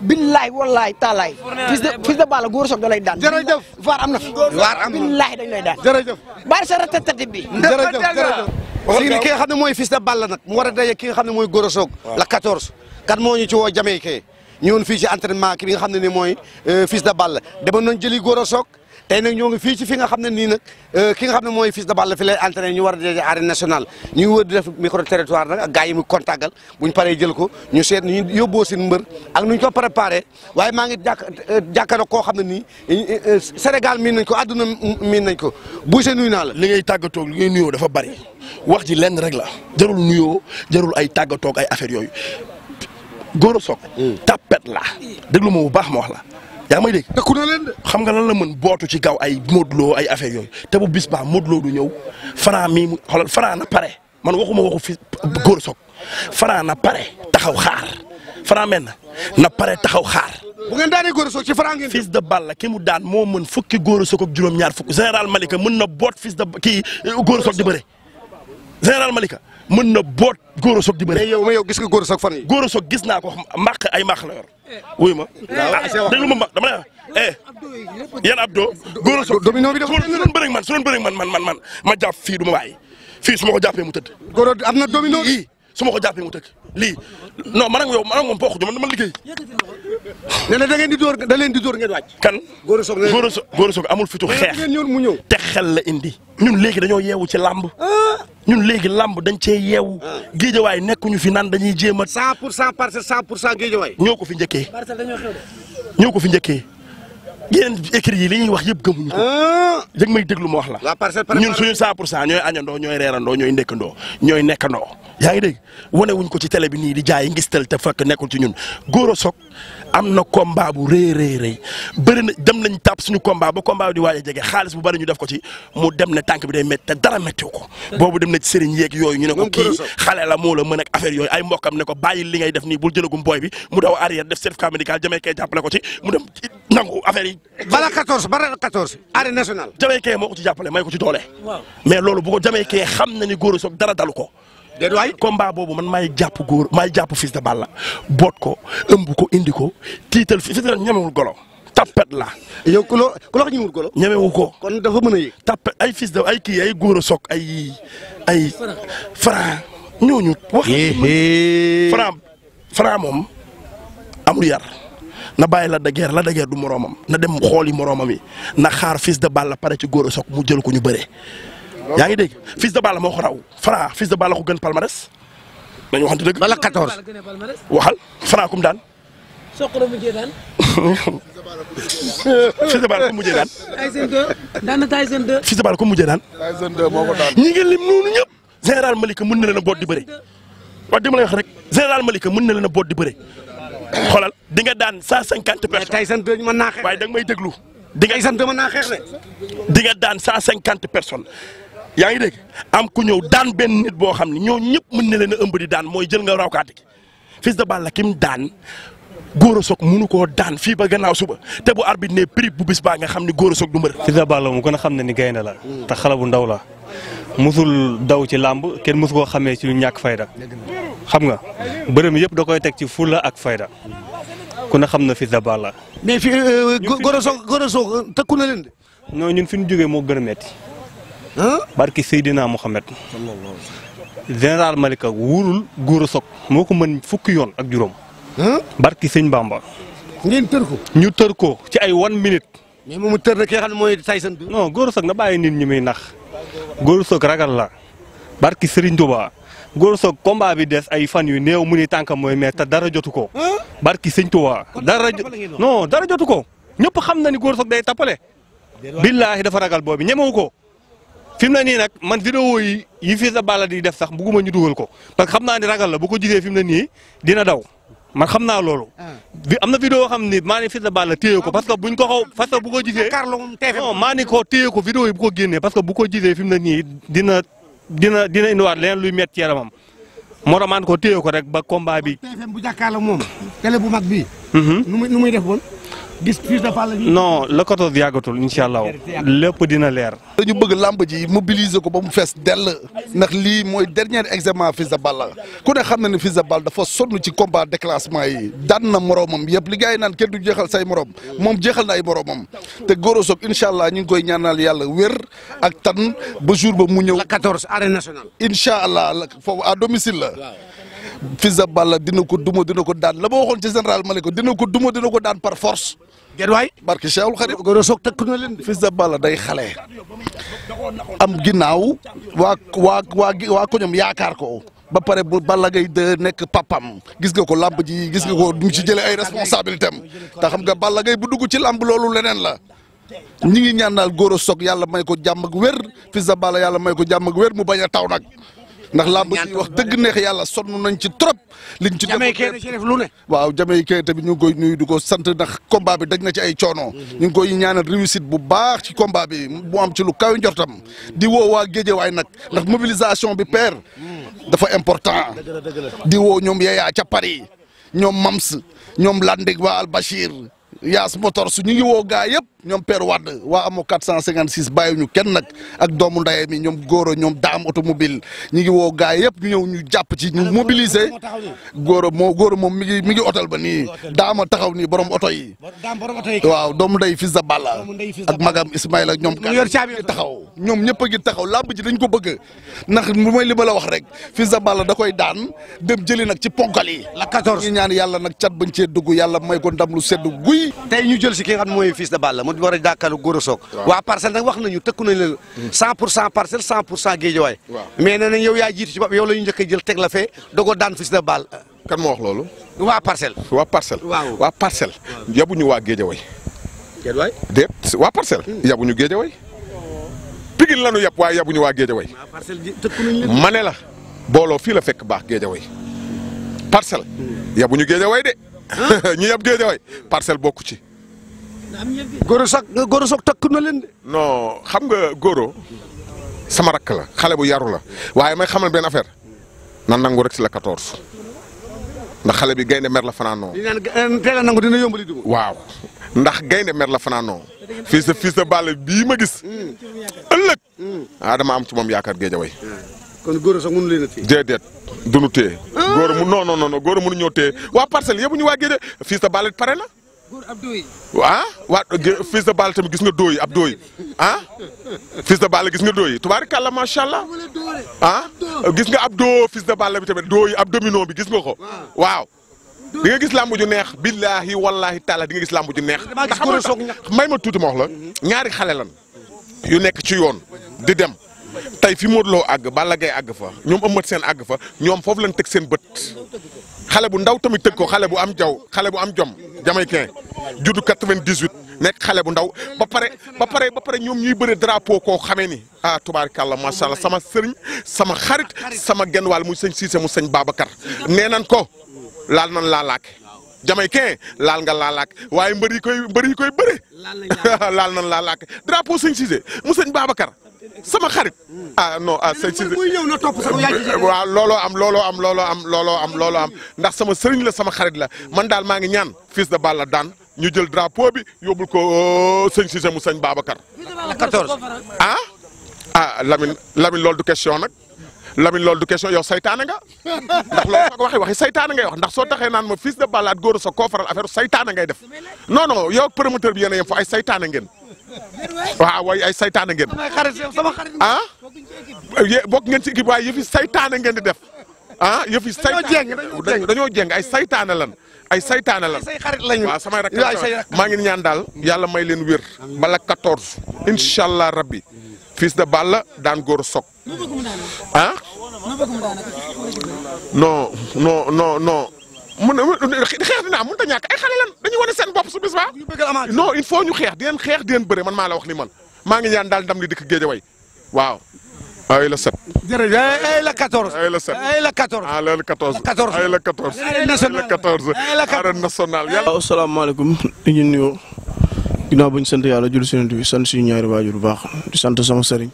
Speaker 6: billaay wallaay taalaay fils de fils de da lay daan jërëjëf war am na fi war dañ daan bari sa ratatati bi jërëjëf jërëjëf léegi ki nga xam ne
Speaker 1: mooy fils de nag mu war a daje ki nga xam ne mooy góor soog la 14 kan moo ci woo jamee kee ñëwoon fii ci entraînement ki bi nga xam ne ni mooy euh, Fils de Balla nañ jëli Gora Sock tey nag ñoo ngi fii ci fi nga xam ne nii nag euh, ki xam ne mooy Fils de Balla fi lay ñu war a dajee arène nationale ñu ngi wër di def micro territoire nag ak gars yi bu ñu paree jël ko ñu seet ñu yóbboo seen mbër ak nuñ ko préparé waaye maa ngi jàkk euh, jàkkaarloo koo xam ne nii Sénégal miin nañ ko àdduna miin nañ ko Boucher nuyu naa la li ngay tàggatoo li ngay nuyoo dafa bari wax ji lenn rek la jarul
Speaker 8: nuyoo jarul ay tàggatoog ay affaire yooyu góor Gora Sock. Hmm. tapet la déglu ma bu baax ma wax la. yaa ngi may dégg. xam nga lan la mën bootu ci gaw ay Modou Lo ay affaire yooyu te bu bis baax Modou Lo du ñëw Franc mii mu xoolal Franc na pare man waxuma waxu fi Gora Sock Franc na pare taxaw xaar Franc mel na na pare taxaw xaar. bu ngeen daanee Gora Sock ci Franc ngeen. fils de Balla ki mu daan moo mën fukki Gora Sock ak juróom-ñaar fukk général Malika mën na boot fils de kii Gora Sock di bëre Malika. mën na boot góor a soog di bëri. mais yow mais yow gis nga góor a soog fan yi. góor a gis naa ko mbaq ay mbaq la yor. wuyu ma ah, ah déglu ma mbaq dama ne ah. Eh, yan abdo góor a soog domino bi dafa doon bëri man su man man man man ma jàpp fii du ma bàyyi fii su ma ko jàppee mu tëdd. góor a am na domino yi. su ma ko jàppee mu tëkk lii non man ak yow man ak moom bokk ñu man dama liggéey. nee na da ngeen di door da leen di door ngeen wàcc. kan góor a soog góor a soog amul fitu xeex mu ñëw te xel la indi. ñun léegi dañoo yeewu ci làmb ah. ñun léegi lamb dañ cee yeewu. Ah. géejawaay nekkuñu fi naan dañuy jéem a. 100 pour 100 parcelle 100 pour 100 géejawaay. ñoo ko fi njëkkee. parcelle dañoo xew ñoo ko fi njëkkee. yéen écrits yi li ñuy wax yëpp gëmuñu ko. Ah. yëg may déglu ma wax la. waa parcelle ñun suñu 100 pour cent ñooy añandoo ñooy reerandoo ñooy nekkandoo ñooy nekkandoo. yaa ngi dégg wane wuñ ko ci télé bi nii di jaay ngistal te fekk nekkul ci ñun góor a am na combat bu rëy rëy rëy bëri na dem nañ tàpp suñu combat ba combat bi di waaj a jege xaalis bu bëri ñu def ko ci mu dem ne tànk bi day métti mm. boobu na ci yooyu ñu ne ko kii xale la moo la mën ne ko bàyyi li ngay def nii bul booy bi mu daw arrière def certificat médical jamaykee jàppale ko ci mu dem nangu affaire yi bala 14 bala 14 arène nationale jamaykee moo ko ci jàppale may ko ci doole mais loolu bu ko jamaykee xam na ni góor soog dara dalu ko déet waay combat boobu man maay jàpp góor maay jàpp Fils de Balla boot ko ëmb ko indi ko tiital fi fi ñemewul golo. tapet la yow ku loo ku loo golo. ñemewu ko kon dafa mën a yëg. ay fils de ay kii ay góor a soog ay ay. moom amul yar na bàyyi la dageer la dageer du moroomam na dem xooli moroomam yi na xaar fils de Balla pare ci góor a soog mu jël ko ñu bëre. yaa ngi dégg Fils de Balla moo ko raw Franc de Balla ko gën palmarès nañu waxante dëgg. waxal Franc kum daan.
Speaker 5: soq la mujjee daan. Fils de Balla ku mujjee daan. Tyson 2 daan na Tyson 2. Fils de Balla ku ko daan.
Speaker 8: ñi ngi lim noonu ñëpp. général Malika mën na leen a boot di bëre wax dama lay wax rek général Malika mën na leen a boot di bëre xoolal di nga daan 150 personnes. mais Tyson 2 mën naa xeex waaye may déglu. di nga Tyson 2 mën naa xeex de. di yaa ngi dégg am ku ñëw daan benn nit boo xam ne ñoo ñëpp mën na leen a ëmb di daan mooy jël nga rawkaati gi Fils de Balla kim daan Gora Sock mënu
Speaker 9: koo daan fii ba gannaaw suba te bu arbitre ne prix bu bis baa nga xam ne Gora Sock du mbër. Fils de Balla a xam ne ni gaynde la te xale bu ndaw la musul daw ci làmb kenn musu koo xamee ci ñàkk fayda xam nga bërëm yëpp da koy teg ci fulla ak fayda ku ne xam na Fils de Balla. mais fi euh, Gora Sock Gora Sock tëkku na leen de. non ñun fi ñu jógee moo gën a metti barki Seydina Mohamed. général Malika wuurul Gora Sock moo ko mën fukk yoon ak juróom. barki sëñ Bamba. ngeen tër ñu tër ko ci ay wan minute. mais moom mu tër na ki nga xam ne mooy Tyson bi. non Gora Sock na bàyyi nit ñi muy nax Gora Sock ragal la barki Serigne Touba Gora Sock combat bi des ay fan yu néew mu ni tànkam mooy mais te dara jotu ko. barki sëñ Touba. dara dara jotu ko ñëpp xam na ni Gora Sock day tappale. billaahi dafa ragal boobu ñemewu ko. fi mu nii nag man vidéo yi yi Fils de Balla di def sax bugguma ñu dugal ko parce que xam naa ni ragal la bu ko gisee fi mu nii dina daw man xam naa loolu. bi ah. am na vidéo xam ni maa ni Fils de Balla téye ko ah, parce que buñ ko xaw ah, parce que ko gisee. non maa ni ko téye ko vidéo yi bu ko génnee parce que bu ko gisee fi mu ne nii dina dina dina indiwaat leneen luy métti yaramam moo tax maan ko téye ko rek ba combat bi. bu jàkkaarloo moom
Speaker 1: télé bu mag bi. Mhm. nu muy nu def woon. gis plus de Balla Gaye non
Speaker 9: lëkkatoog yàggatul incha allah lépp dina
Speaker 10: leer. dañu bëgg làmb ji mobiliser ko ba mu fees dell ndax lii mooy dernier examen Fils de Balla ku ne xam na ne Fils de Balla dafa sonn ci combat déclassement yi daan na moromam yëpp li gars naan kenn du jeexal say morom moom jeexal na ay moromam te Goro Sock incha allah ñu ngi koy ñaanal yàlla wér ak tan ba jour ba mu ñëw. la 14 arène nationale. incha allah foofu à domicile la. Fils de Balla dina ko duma dina ko daan la ma waxoon ci général Malika dina ko duma dina ko daan par force. déet waay barke Cheikhul Khadim góor a soog takk na leen Fils de Balla day xale. am ginnaaw waa waa waa waa ko ñoom yaakaar ko ba pare bu Balla gay de nekk papam gis nga ko làmb ji gis nga ko du ci jëlee ay responsabilité am te xam nga Balla gay bu dugg ci làmb loolu leneen la. ñi ngi ñaan daal góor a yàlla may ko jàmm wér Fils de Balla yàlla may ko jàmm ak wér mu bañ a taw nag. ndax làmb yi wax dëgg neex yàlla sonn nañ ci trop. liñ ci def lu ne. waaw Jamaye Kay tamit ñu koy nuyu di ko sant ndax combat bi daj na ci ay coono. Mhm. ñu ngi koy ñaanal réussite bu baax ci komba bi mu am ci lu kaw njortam di woo waa waay nag ndax mobilisation bi père mhm. dafa important. di woo ñoom Yaya ca Paris ñoom Mams ñoom Landing waa Albachir Yaas Motor su ñu ngi woo gaa yëpp. ñoom Père Wade waa amoo 456 bàyyi ñu kenn nag ak doomu ndaye mi ñoom Goro ñoom daam automobile ñi ngi woo gaay yëpp ñu ñëw ñu jàpp ci ñu mobiliser Goro moo Goro moom mi ngi mi ngi otel ba nii daama taxaw nii borom oto yi waaw doomu nday Fils de Balla ak magam Ismaïla ak ñoom gi taxaw ñoom ñëpp a ngi taxaw làmb ji dañ ko bëgg ndax bu mooy la wax rek Fils de Balla da koy daan dem jëli nag ci ponkal yi ñaan yàlla nag cat bañ cee dugg yàlla may ko
Speaker 1: moo war a jàkkaarloo Gora Sock waa parcelle nag wax nañu tëkku nañ la hmm. cent pour cent parcelle cent pour cent géejawaay mais nee nañ yow yaa jiitu ci bopp yow la ñu njëkk a jël teg la
Speaker 11: fee dogoo daan fi si na baal kan moo wax loolu waa parcelle waa parcelle waa parcelle yabuñu waa géejawaay géejawaay déet waa parcelle hmm. yabuñu géejawaay pigil lañu yab waaye yabuñu waa géejawaay ne la booloo fii la fekk baax géejawaay parcelle hmm. yabuñu géejawaay de (laughs) ñu yab géejawaay parcel bokku ci Goro sax Goro sax takk na leen de. non xam nga góor sama rakk la xale bu yaru la waaye may xamal benn affaire nan nangu rek si la 14 ndax xale bi gaynde mer la fanaanoo. di
Speaker 1: naan eh, teel a nangu dina yombali
Speaker 11: dugub. waaw ndax gaynde mer la fanaanoo fii sa fii sa bàll bii ma gis ëllëg hmm. ah dama am ci moom yaakaar Géejawaay. Ah. kon góor sax mënu leen a téye. déedéet du nu téye. Ah. góor mu non non non góor mënu ñoo téye waa parcelle yëpp ñu waa Géejawaay fii sa bàll pare na. waa wat fils de Balla tamit gis nga dooyi ab dooyi ah fils de Balla gis nga dooyi tubaarikàlla macha allah
Speaker 7: ah gis
Speaker 11: nga ab doo fils de Balla bi tamit dooyi ab domino bi gis nga ko waaw di nga gis làmb ju neex billaahi wallaahi taala di nga gis làmb ju neex ndax may ma tuuti ma la ñaari xale lan yu nekk ci yoon di dem tey fi Modou Lo àgg Balla àgg fa ñoom am ëmmat seen àgg fa ñoom foofu lañ teg seen bët xale bu ndaw tamit tëgg ko xale bu am jaw xale bu am jom jamaïcain juddu 98 nekk xale bu ndaw ba pare ba pare ba pare ñoom ñuy bëre drapeau koo xamee ni ah la macha allah sama sëriñ sama xarit sama genn wàll muy sëñ Cissé mu sëñ Babacar nee nan ko laal nan laalaak jamaïcain laal nga laalaak waaye mbër yi koy mbër yi koy bëre (laughs) laal nan laalaak drapeau sëñ Cissé mu sëñ sama xarit. a no ah, ah sëñ si looloo am looloo am looloo am looloo am looloo am ndax sama sëriñ la sama xarit la man daal maa ngi ñaan fils de Balla daan ñu jël drapeau bi yóbbul ko oh, sëñ Cissé mu sëñ Babacar. la 14 a ah Lamine Lamine loolu du question nag. Lamine loolu du question yow saytaane nga ndax loolu ma ko waxee waxi saytaane ngay wax ndax soo taxee naan ma fils de Balla ak góor sa koo faral affaire saytaane ngay def non non yow promoteur bi yéen a yem fa ay saytaane ngeen. waaw waaye ay saytaane ngeen. ah bokk ngeen ci équipe eh, waaye yëfi saytaane ngeen di def ah yëfi. saytaane dañoo jeng ay saytaane lan. ay seytaane lan say xarit lañu waaw samay rakk maa ngi ñaan daal yàlla may leen wér. bala 14 incha allah rabbi fils de Balla daan góor sok ah non non non mun na xeex dinaa mënut a ñàkk ay xale lan dañuy wane seen bopp su bis ba non il faut ñu xeex di leen xeex di leen bëre man maa la wax li man maa ngi ñaan daal ndam li dikk géej way waaw. ay la sept. jërëjëf ay la quatorze. ay la sept ay la quatorze. ah la quatorze ay la quatorze. ay la quatorze arène nationale yàlla. waaw salaamaaleykum
Speaker 12: di ñu nuyoo ginnaaw bu ñu sant yàlla jël seen bi sant suñu ñaari waajur bu baax di sant sama sëriñ.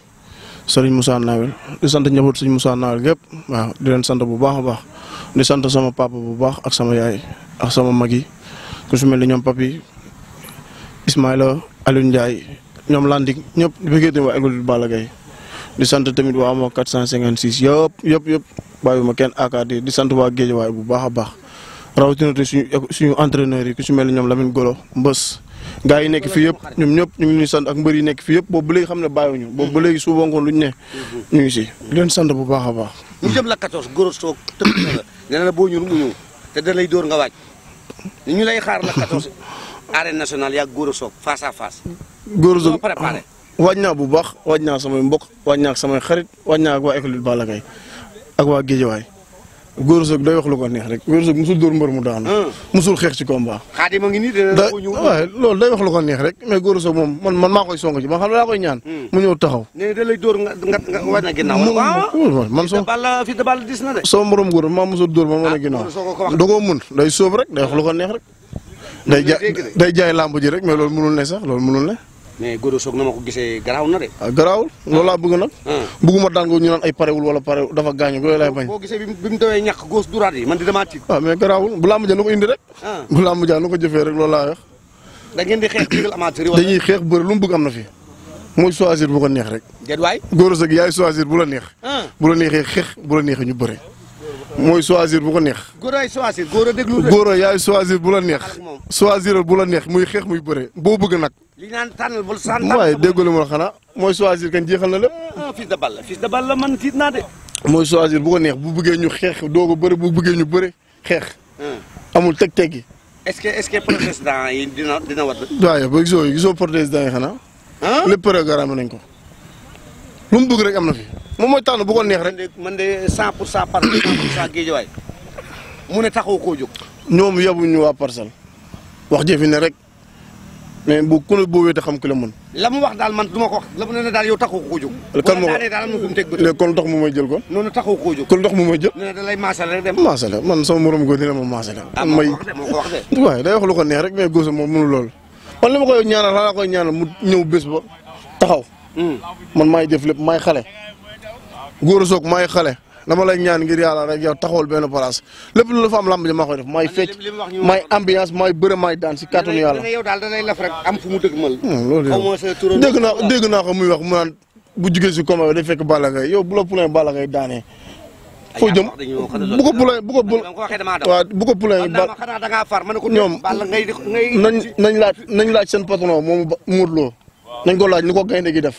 Speaker 12: sëriñ Moussa Nawel di sant njaboot sëriñ Moussa Nawel yëpp waaw di leen sant bu baax a baax di sant sama papa bu baax ak sama yaay ak sama mag yi ku su mel ni ñoom papi Ismaïla Aliou Ndiaye ñoom Landik ñëpp di bëggee tamit waa école Balla Gaye di sant tamit waa amoo 456 yëpp yëpp yëpp bàyyi ma kenn AKD di sant waa Géejawaay bu baax a baax rawatina te suñu suñu yi ku su mel ni ñoom Lamine Golo Mbës. gaa yi nekk fi yëpp ñoom ñëpp ñu ngi sant ak mbër yi nekk fi yëpp boobu ba léegi xam ne bàyyiwuñu boobu ba léegi suba lu ñu ne ñu ngi si leen sant bu baax a baax ñu jëm la 14 Gora Sock
Speaker 1: na boo ñëwul mu ñëw te da lay nga waaj ñu lay xaar la 14 (laughs) arène nationale yaag Gora Sock face à face
Speaker 12: Gora Sock préparé waaj naa bu baax waaj naa samay mbokk waaj naa ak samay xarit waaj naa ak waa école Balla Gaye ak waa Géejawaay Gora Sock day wax lu ko neex rek Gora Sock musul dóor mbër mu daanu. Hmm. musul xeex ci combat. xaatim a ngi nii dina la ko waaye loolu day wax lu ko neex rek mais Gora Sock moom man man maa koy song ci ma xam laa koy ñaan. Hmm. mu ñëw taxaw.
Speaker 1: nee da lay dóor nga nga nga wane ginnaaw. waaw
Speaker 12: ah! man soo fi de balle dis na de. sama morom góor maa musul dóor ma wane ah, ginnaaw. da koo mën day sóob rek day wax lu ko neex rek. day jaay day jaay làmb ji rek mais loolu mënul ne sax loolu mënul ne mais Gora Sock na ko gisee garaaw na de. Ah, garaawul loolu laa bëgg nag. Ah. bëgguma daan ko ñu naan ay parewul wala pare dafa gaañu yooyu laay bañ. gisee bi mu dawee ñàkk góos duraat yi man di damaa tiit. waaw ah, mais garaawul bu làmb ja na ko indi rek. bu làmb ja na ko jëfee rek loolu laa wax. da di xeex digal amateur yi wala dañuy xeex lu mu bëgg am na fi. mooy choisir bu ko neex rek. déet waay Gora Sock yaay choisir bu la neex. bu la neexee xeex bu la neex ñu bëre. mooy choisir bu ko neex.
Speaker 1: góor ay choisir góor a déglu. góor
Speaker 12: yaay choisir bu la neex. choisir bu la neex muy xeex muy bëre boo bëgg nag
Speaker 1: li naan tànnal bul sànn. waaye
Speaker 12: déggalu ma xanaa mooy choisir kan jeexal na lépp. ah
Speaker 1: fils de balle fils de balle man tiit naa de.
Speaker 12: mooy choisir bu neex bu bëggee ñu xeex doo ko bëri bu bëggee ñu bëri xeex. Ah. amul teg teggi
Speaker 1: est-ce que est-ce que protestant yi dina dina wat. waaye
Speaker 12: ba gisoo gisoo protestant yi xanaa. Ah? lépp programme nañ ko. lu mu bëgg rek am na fi moom mooy tànn bu ko neex rek. man de 100 pour 100 mu ne taxaw koo jóg. ñoom yabuñu waa parcelle wax jëfi rek. mais bu boo wéete xam ki la mën.
Speaker 1: daal man du ma ko wax la ma ko daanee daal am na fu mu teg bët.
Speaker 12: kon ndox mu may jël kon. noonu taxoo koo jóg. ndox mu may jël. nee na da lay maasale rek dem. maasale man sama morom góor dina ma maasale. ah ma ko wax de ma ko wax de. (laughs) waaye day wax lu ko neex rek mais góosu moom mënul loolu. man li ma koy ñaanal xanaa koy ñaanal mu ñëw bés ba taxaw. Hmm. man maay def lépp may xale. góor soog may xale. dama lay ñaan ngir yàlla rek yow taxawal benn place lépp lu la fa am lamb ji maa koy def may fecc may ambiance may bëre may daan si kàttanu yàlla. yow daal danay laf rek am fu mu dëgmal. bu hmm, yow dégg naa dégg naa ko muy wax mu naan bu jugee si combat bi day fekk Balla Gaye yow bu la poulain Balla Gaye daanee. foo jëm bu ko poulain bu ko bu waaw bu ko poulain ba ñoom nañ nañ laaj nañ laaj mu patron moom Modou Lo nañ ko laaj ni ko gaynde gi def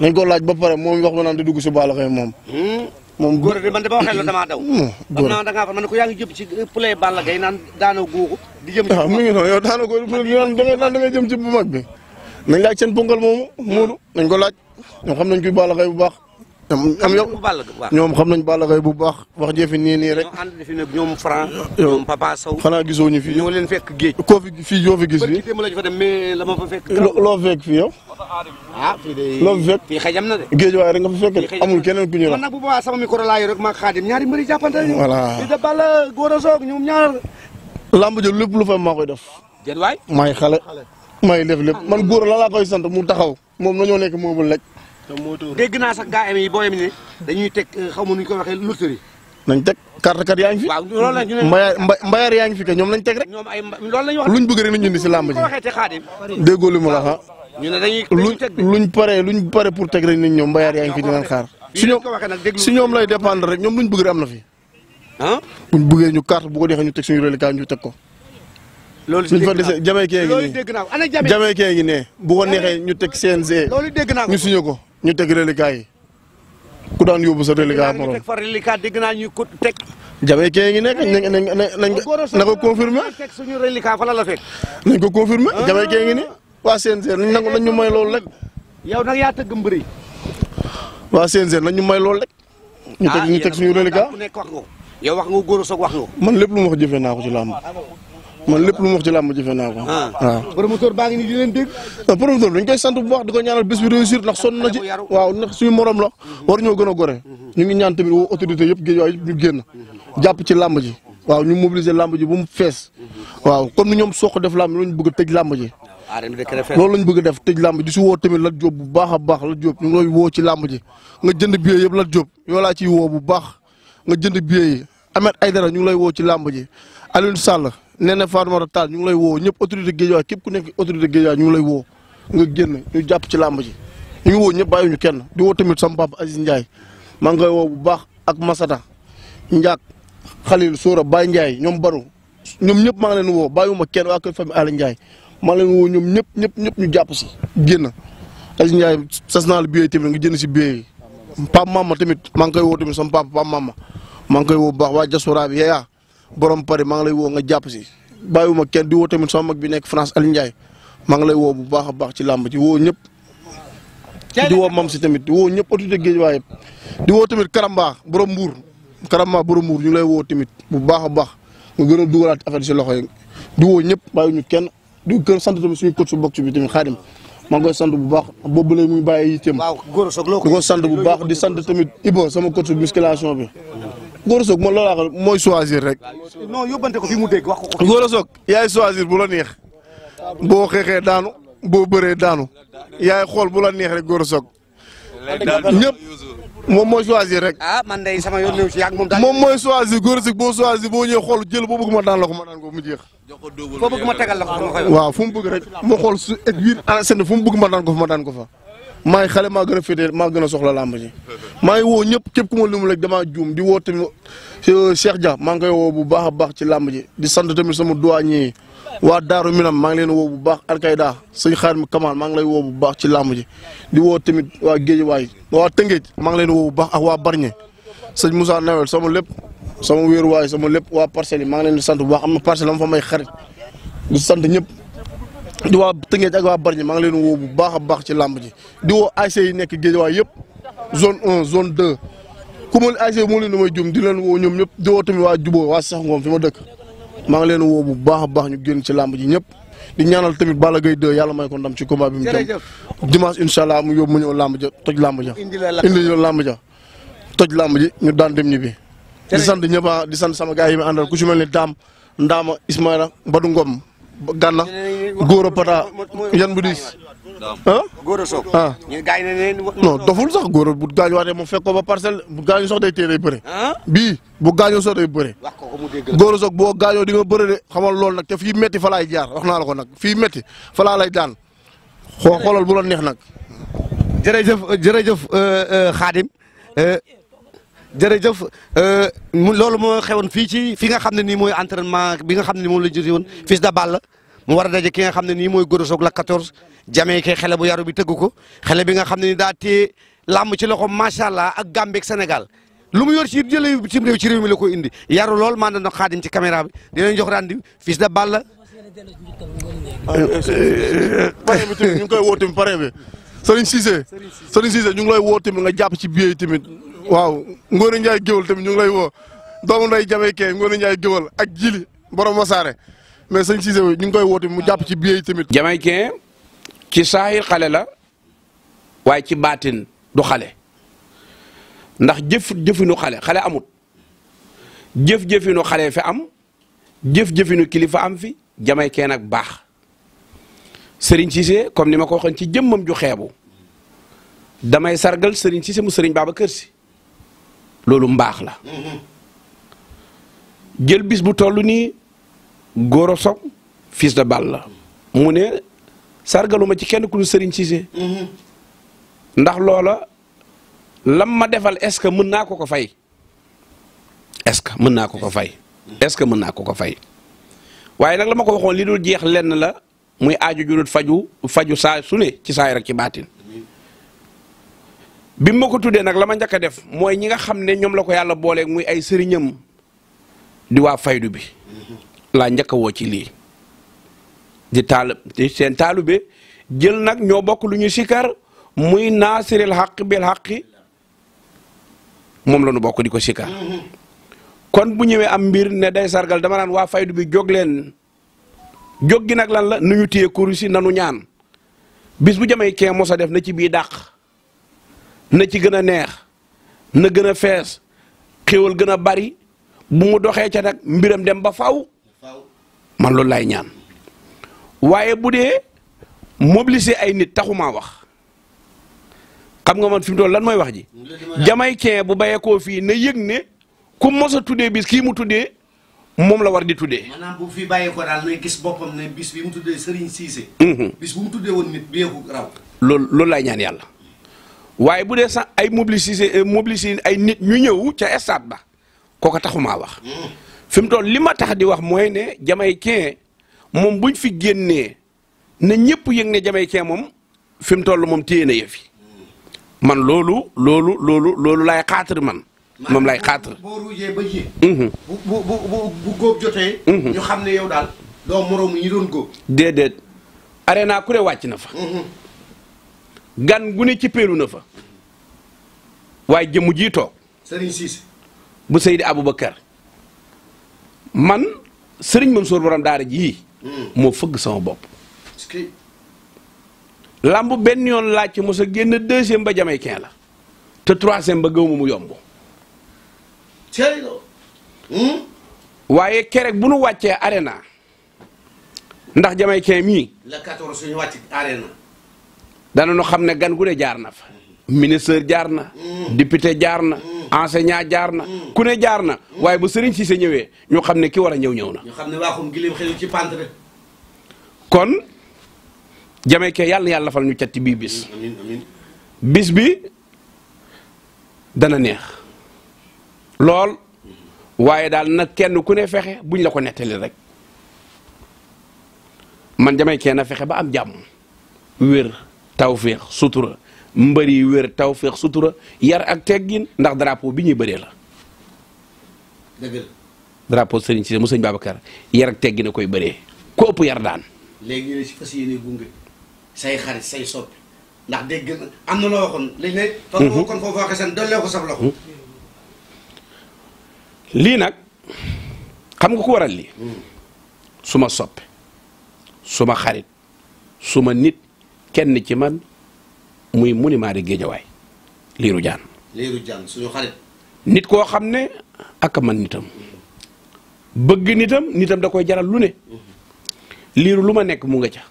Speaker 12: nañ ko laaj ba pare moom wax na naan di dugg si Balla Gaye moom
Speaker 1: hmm? moom góor a de man ba waxee loolu daw.
Speaker 12: Hmm, góor a
Speaker 1: am da ngaa ko yaa ngi jëm ci euh, poulet Balla Gaye naan daanoo góogu.
Speaker 12: di jëm ci waaw da ngay jëm ci bu mag bi. nañ laaj seen ponkal moomu Moodu nañ ko laaj ñoom xam nañ kuy Balla Gaye bu baax am yow ñoom xam nañ Balla Gaye bu baax wax jëfi nii nii rek. ñoo ànd fi nag ñoom Franc ñoom Papa Sow. xanaa gisoo ñu fi ñoo leen fekk koo fi fii yoo gis fii. loo fekk fii yow. ah loo fekk fii xajam de. géej waaye rek nga fa fekk amul keneen ku ñu. man nag
Speaker 1: bu boobaa sama micro laa yor rek maa xaadim ñaari mbëri
Speaker 12: jàppante ne. voilà di de Balla góor a soog ñoom ñaar. lamb jël lépp lu fa maa koy def. jël waay maay xale. maay def lépp ah, man góor la laa sant mu taxaw moom nañoo nekk moomul laj
Speaker 1: dégg naa sax gaa yi booyam ne dañuy teg euh, xaw ma nu kat
Speaker 12: yaa ngi fi. waaw loolu la ñu fi que ñoom lañ teg rek. ñoom
Speaker 1: ay loolu la ñu wax. luñ bëgg rek nañ ñu ni si làmb ji déggoo li mu la xa. Ah. ñu ne
Speaker 12: luñ pare luñ pare pour teg rek nañ ñoom mbayar yaa ngi fi dinañ xaar. si ñoom si ñoom lay dépendre rek ñoom luñ bëgg rek am na fi. ah buñ ñu carte bu ko neexee ñu teg suñu reliquat ñu teg ko. loolu si dégg naa loolu dégg
Speaker 1: naa ana jamee jamee
Speaker 12: kee ngi ne bu ko neexee ñu teg seen loolu dégg naa ko ñu ko ñu teg reliquat yi ku daan yóbbu sa reliquat morom teg
Speaker 1: fa dégg naa ñu ko
Speaker 12: teg. jafe kee ngi nekk nañ nañ na ko confirmé. teg suñu reliquat fa la la fekk. nañ ko confirmé ah. kee ngi ni waa CNG nañ nangu nañ ñu may loolu rek. yow nag yaa tëgg mbëri. waa CNG na ñu may loolu rek.
Speaker 1: ñu teg ah, ñu teg suñu reliquat. yow wax nga góor soog wax
Speaker 12: man lépp lu ma wax jëfee naa ko ci man lépp lu mu ci làmb jëfe naa ko. Ah. waaw bu baax di ko ñaanal bés bi ñoo gën a gore. ñu ngi ñaan tamit woo autorité yëpp géej waaye yëpp ñu génn. jàpp ci làmb ji. waaw ñu mobiliser làmb ji bu mu fees. waaw comme ni ñoom soq def làmb lañ bëgg a tëj làmb ji. loolu lañ bëgg a def tëj làmb ji su woo tamit Lat Diop bu baax a baax Lat Diop ñu ngi lay woo ci làmb ji nga jënd billet yëpp Lat Diop yoo laa ciy woo bu baax nga jënd billet yi Ahmed Aïdara ñu ngi lay woo ci làmb ji Alioune Sall Néné Fatoumata Tall ñu ngi lay woo ñëpp autorité Guédiawaye képp ku nekk autorité Guédiawaye ñu ngi lay woo nga génn ñu jàpp ci làmb ji ñu ngi woo ñëpp bàyyiwuñu kenn di tamit sama papa Aziz Ndiaye maa ngi koy woo bu baax ak Masata Ndiak Khalil Sora Baye Ndiaye ñoom baru ñoom ñëpp maa ngi leen woo bàyyiwuma kenn waa kër famille Aly Ndiaye woo ñoom ñëpp ñëpp ñëpp ñu jàpp si génn Aziz Ndiaye sas naa la billet tamit nga génn si billet yi Pape Mama tamit maa ngi koy woo tamit sama papa Pape Mama maa ngi koy woo bu baax waa Jasoura bi yeeyaa borom Paris maa ngi lay woo nga jàpp si bàyyiwuma kenn di woo tamit sama mag bi nekk France Aliou Ndiaye maa ngi lay woo bu baax a baax ci làmb ci woo ñëpp. di woo mam si tamit di woo ñëpp autorité géej waaye di woo tamit Karamba borom Mbour Karamba borom Mbour ñu lay woo tamit bu baax a baax nga gën a dugalaat affaire loxo yi di woo ñëpp bàyyiwuñu kenn di gën sant tamit suñu coach su box bi tamit xaadim maa ngi koy sant bu baax boobu lay muy bàyyi yitteem. waaw góor soog ko di ko sant bu baax di sant tamit Ibo sama coach musculation bi. Gora Sock man loolaa xam mooy choisir rek. non fi mu dégg wax ko. Gora yaay choisir bu la neex boo xeexee daanu boo bëree daanu yaay xool bu la neex rek Gora Sock.
Speaker 13: ñëpp
Speaker 12: moom mooy choisir rek. ah man de sama yoon ñëw si ak moom. moom mooy choisir Gora boo choisir boo ñëwee xool jël boo bëgg ma daan la ko ma
Speaker 1: ko mu jeex. foo bëgg ma tegal la ko
Speaker 12: waaw fu mu bëgg rek moo xool su et huit. ana ah, seen fu mu bëgg ma daan ko fa ma daan ko fa. maay xale maa gën a féetee maa soxla làmb ji maa ngi woo ñëpp képp ku ma lim rek damaa juum di woo tamit euh, Cheikh Dia maa ngi koy woo bu baax a baax ci làmb ji di sant tamit sama douanier yi waa Daaru Minam maa ngi leen woo bu baax Alkayda sëñ xaar mi Kamal maa ngi lay woo bu baax ci làmb ji di woo tamit waa Géej waay waa Tëngéej maa ngi leen woo bu baax ak waa Barñe sëñ Moussa Nawel sama lépp sama wéeruwaay sama lépp waa parcelles maa ngi leen di sant bu baax am na parcelle am fa may xarit di sant ñëpp di waa Tëngéej ak waa Bargny maa ngi leen woo bu baax a baax ci làmb ji di woo ASC yi nekk Guédiawaye yëpp zone 1 zone 2 ku ma ASC yi mu leen may jum di leen woo ñoom ñëpp di woo waa Jubóo waa Sax Ngom fi ma dëkk maa ngi leen woo bu baax a baax ñu génn ci làmb ji ñëpp di ñaanal tamit Balla Gaye 2 yàlla may ko ndam ci combat bi mu jëm dimanche incha allah mu yóbbu mu ñëw làmb ja toj làmb ja indi la làmb ja toj làmb ji ñu daan dem ñibbi di sant ñëpp ah, di sant sama gars yi ma àndal ku ci mel ni Dame Ndama Ismaïla Badou gàlla góor a yan bu diis ah góor a soog ah non doful sax góor a bu gaañuwaatee moom fekk ko ba parcelle bu gaañu sax day tee day bëre bii bu gaañoo sax day bëre góor a soog boo gaañoo di nga bëre de xamal loolu nag te fii metti fa jaar wax naa la ko nag fii metti fa laa lay daan xoolal bu la neex nag jërëjëf jërëjëf Xaadim euh, euh, euh, jërëjëf euh, mu
Speaker 1: loolu moo xewoon fii ci fii nga xam ne nii mooy entraînement bi nga xam ne nii moom la jëri woon fils de Balla mu a daje ki nga xam ne nii mooy Gora Sock la 14 jamee ke xele bu yaru bi tëgg ko xele bi nga xam ne ni daa téye làmb ci loxo macha allah ak Gambie senegal lu mu yor ci jëlee cim réew ci réew mi la ko indi yaru lool maa doon xaadim ci caméra bi dinañ jox rendi fils da Balla.
Speaker 12: pare bi tamit ñu ngi koy woo tamit pare bi Serigne Cissé Serigne Cissé ñu ngi lay woo tamit nga jàpp ci biir tamit. waaw Ngor Ndiaye géwal tamit ñu lay woo doomu nday Jame Kee Ngor Ndiaye géwal ak jili borom Wassare mais sëñ Cissé ñu ngi koy woote mu jàpp ci biir tamit. Jame ci saahir xale la waaye ci
Speaker 14: baatin du ndax jëf jëfinu xale xale amut jëf xale fi am jëf kilifa am fi Jame Kee nag baax Serigne Cissé comme ni ma ko waxoon ci jëmmam ju xeebu damay sargal Serigne Cissé mu Serigne Babacar Sy. loolu mbaax la jël bis bu toll nii Gora Sock fils de Balla la mu ne sargaluma ci kenn ku ñu Serigne ndax loola lam ma defal est-ce que mën naa ko ko fay est-ce mën naa ko ko fay est-ce que mën naa ko ko fay waaye nag la ma ko waxoon li dul jeex lenn la muy aaju ju dul faju faju saa su ne ci saay rek ci baatin bi ma ko tuddee nag la ma njëkk a def mooy ñi nga xam ne ñoom la ko yàlla booleeg muy ay sëriñam di waa faydu bi laa njëkk a woo ci lii di taal di jël nag ñoo bokk lu ñu sikar muy naasiril xaq bil xaqi moom la ñu bokk di ko sikar kon bu ñëwee am mbir ne day sargal dama naan waa faydu bi jóg leen jóg gi nag lan la nu ñu téye kuréel na nu ñaan bis bu jamay kee mos def na ci bii dàq. na ci gën a neex na gën a fees xéwal gën a bari bu mu doxee ca nag mbiram dem ba faw man loolu lay ñaan waaye bu dee mobiliser ay nit taxumaa wax xam nga man fi mu toll lan mooy wax ji jamaïcain bu bayee koo fii na yëg ne ku mos a tuddee
Speaker 1: bis kii mu tuddee
Speaker 14: moom la war di tuddee.
Speaker 1: maanaam bu fi bàyyi ko daal na gis ne bis bi tuddee Serigne Cissé. Mhm. bis mu tuddee woon nit bee ko raw.
Speaker 14: loolu loolu laay ñaan yàlla. waaye bu dee sax ay mobilisé euh, mobilisé ay nit ñu ñëw ca stade ba kooka taxumaa wax fi mu toll li ma tax di wax mooy ne jamay jamaïcain moom buñ fi génnee na ñëpp yëg ne jamaïcain moom fi mu toll moom téye na yëfi man loolu loolu loolu loolu laay xaatar man moom lay xaatar boo ruujee ba ji mhm.
Speaker 1: bu bu bu mhm. xam ne yow daal doo moroomu ñi doon góob
Speaker 14: déedéet arena wàcc na fa mhm. gan gu ci péelu na fa waaye jëmu jii toog sëriñ Cissé bu Seydi Aboubacar man sëriñ Mansour borom daara jii hmm. moo fëgg sama bopp lamb benn yoon laaj ci mos a génn deuxième ba jamaïcain la te troisième ba gëwma mu yomb hmm? waaye kerek bu nu wàccee arena ndax jamaïcain mii
Speaker 1: la 14 suñu wàcc
Speaker 14: arena dana danañu xam ne gan gu ne jaar na fa ministre jaar na député jaar na enseignant jaar na ku ne jaar na waaye bu sëriñ Cissé ñëwee ñu xam ne ki war a ñëw ñëw na.
Speaker 1: ñu xam ne waaxum gileem xëyul ci pant rek.
Speaker 14: kon Jamaïcain yàlla na yàlla fal ñu catti bii bis. bis bi dana neex lool waaye daal nag kenn ku ne fexe buñ la ko nettali rek man Jamaïcain na fexe ba am jàmm wér. tawféex sutura mbër yi wér tawféex sutura yar ak teggin ndax drapo bi ñuy bëree la. drapo la drapeau Serigne Cissé mu sëñ Babacar yar ak teggin koy bëree ku ëpp yar daan.
Speaker 1: léegi ñu ne si fas yéene gunge say xarit say soppi ndax dégg na am mhm. mhm.
Speaker 14: nag xam nga ku waral lii. Mhm. su ma soppe xarit su nit. kenn ci man muy monument de liiru jaan
Speaker 1: Diane. Lirou Diane
Speaker 14: nit koo xam ne ak man nitam bëgg nitam nitam da koy jaral lu ne Lirou lu ma nekk mu nga ca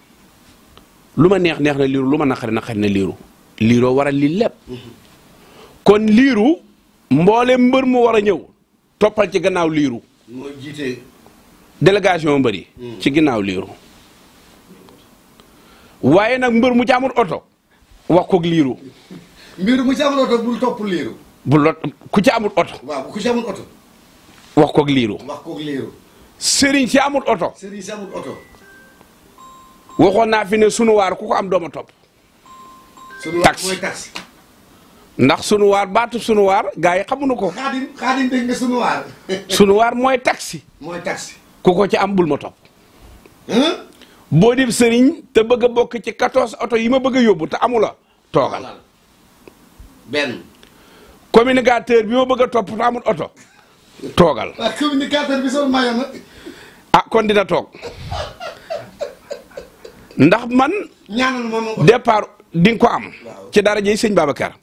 Speaker 14: lu ma neex neex na Lirou lu ma naqari naqari na liiru liiroo waral li lépp kon Lirou mboole mbër mu war a ñëw toppal ci gannaaw Lirou.
Speaker 1: moo jiite.
Speaker 14: délégation mbër yi. Hmm. ci ginnaaw Lirou. waaye nag mbir mu ci amul oto wax koog liiru.
Speaker 1: mbir mu ci amul oto bul topp ku ci amul oto. waaw oto.
Speaker 14: wax koog liiru.
Speaker 1: wax koog si amul oto. sëriñ si amul oto.
Speaker 14: waxoon naa fi sunu waar ku ko am dooma topp. tax mooy tax. ndax sunu waar baatu sunu waar gars yi xamuñu ko. xaadim xaadim dégg waar. mooy taxi. mooy taxi. ku ko ci am bul ma topp. boo def sëriñ te bëgg bokk ci quatorze oto yi ma bëgg a yóbbu te amula toogal benn communicateur bi ma bëgg a topp te amul oto toogal
Speaker 10: ah communicateur bi sama mayoon
Speaker 14: ah kon dina toog ndax man ñaanal moom départ ko am ci dara jëy sëñ Babacar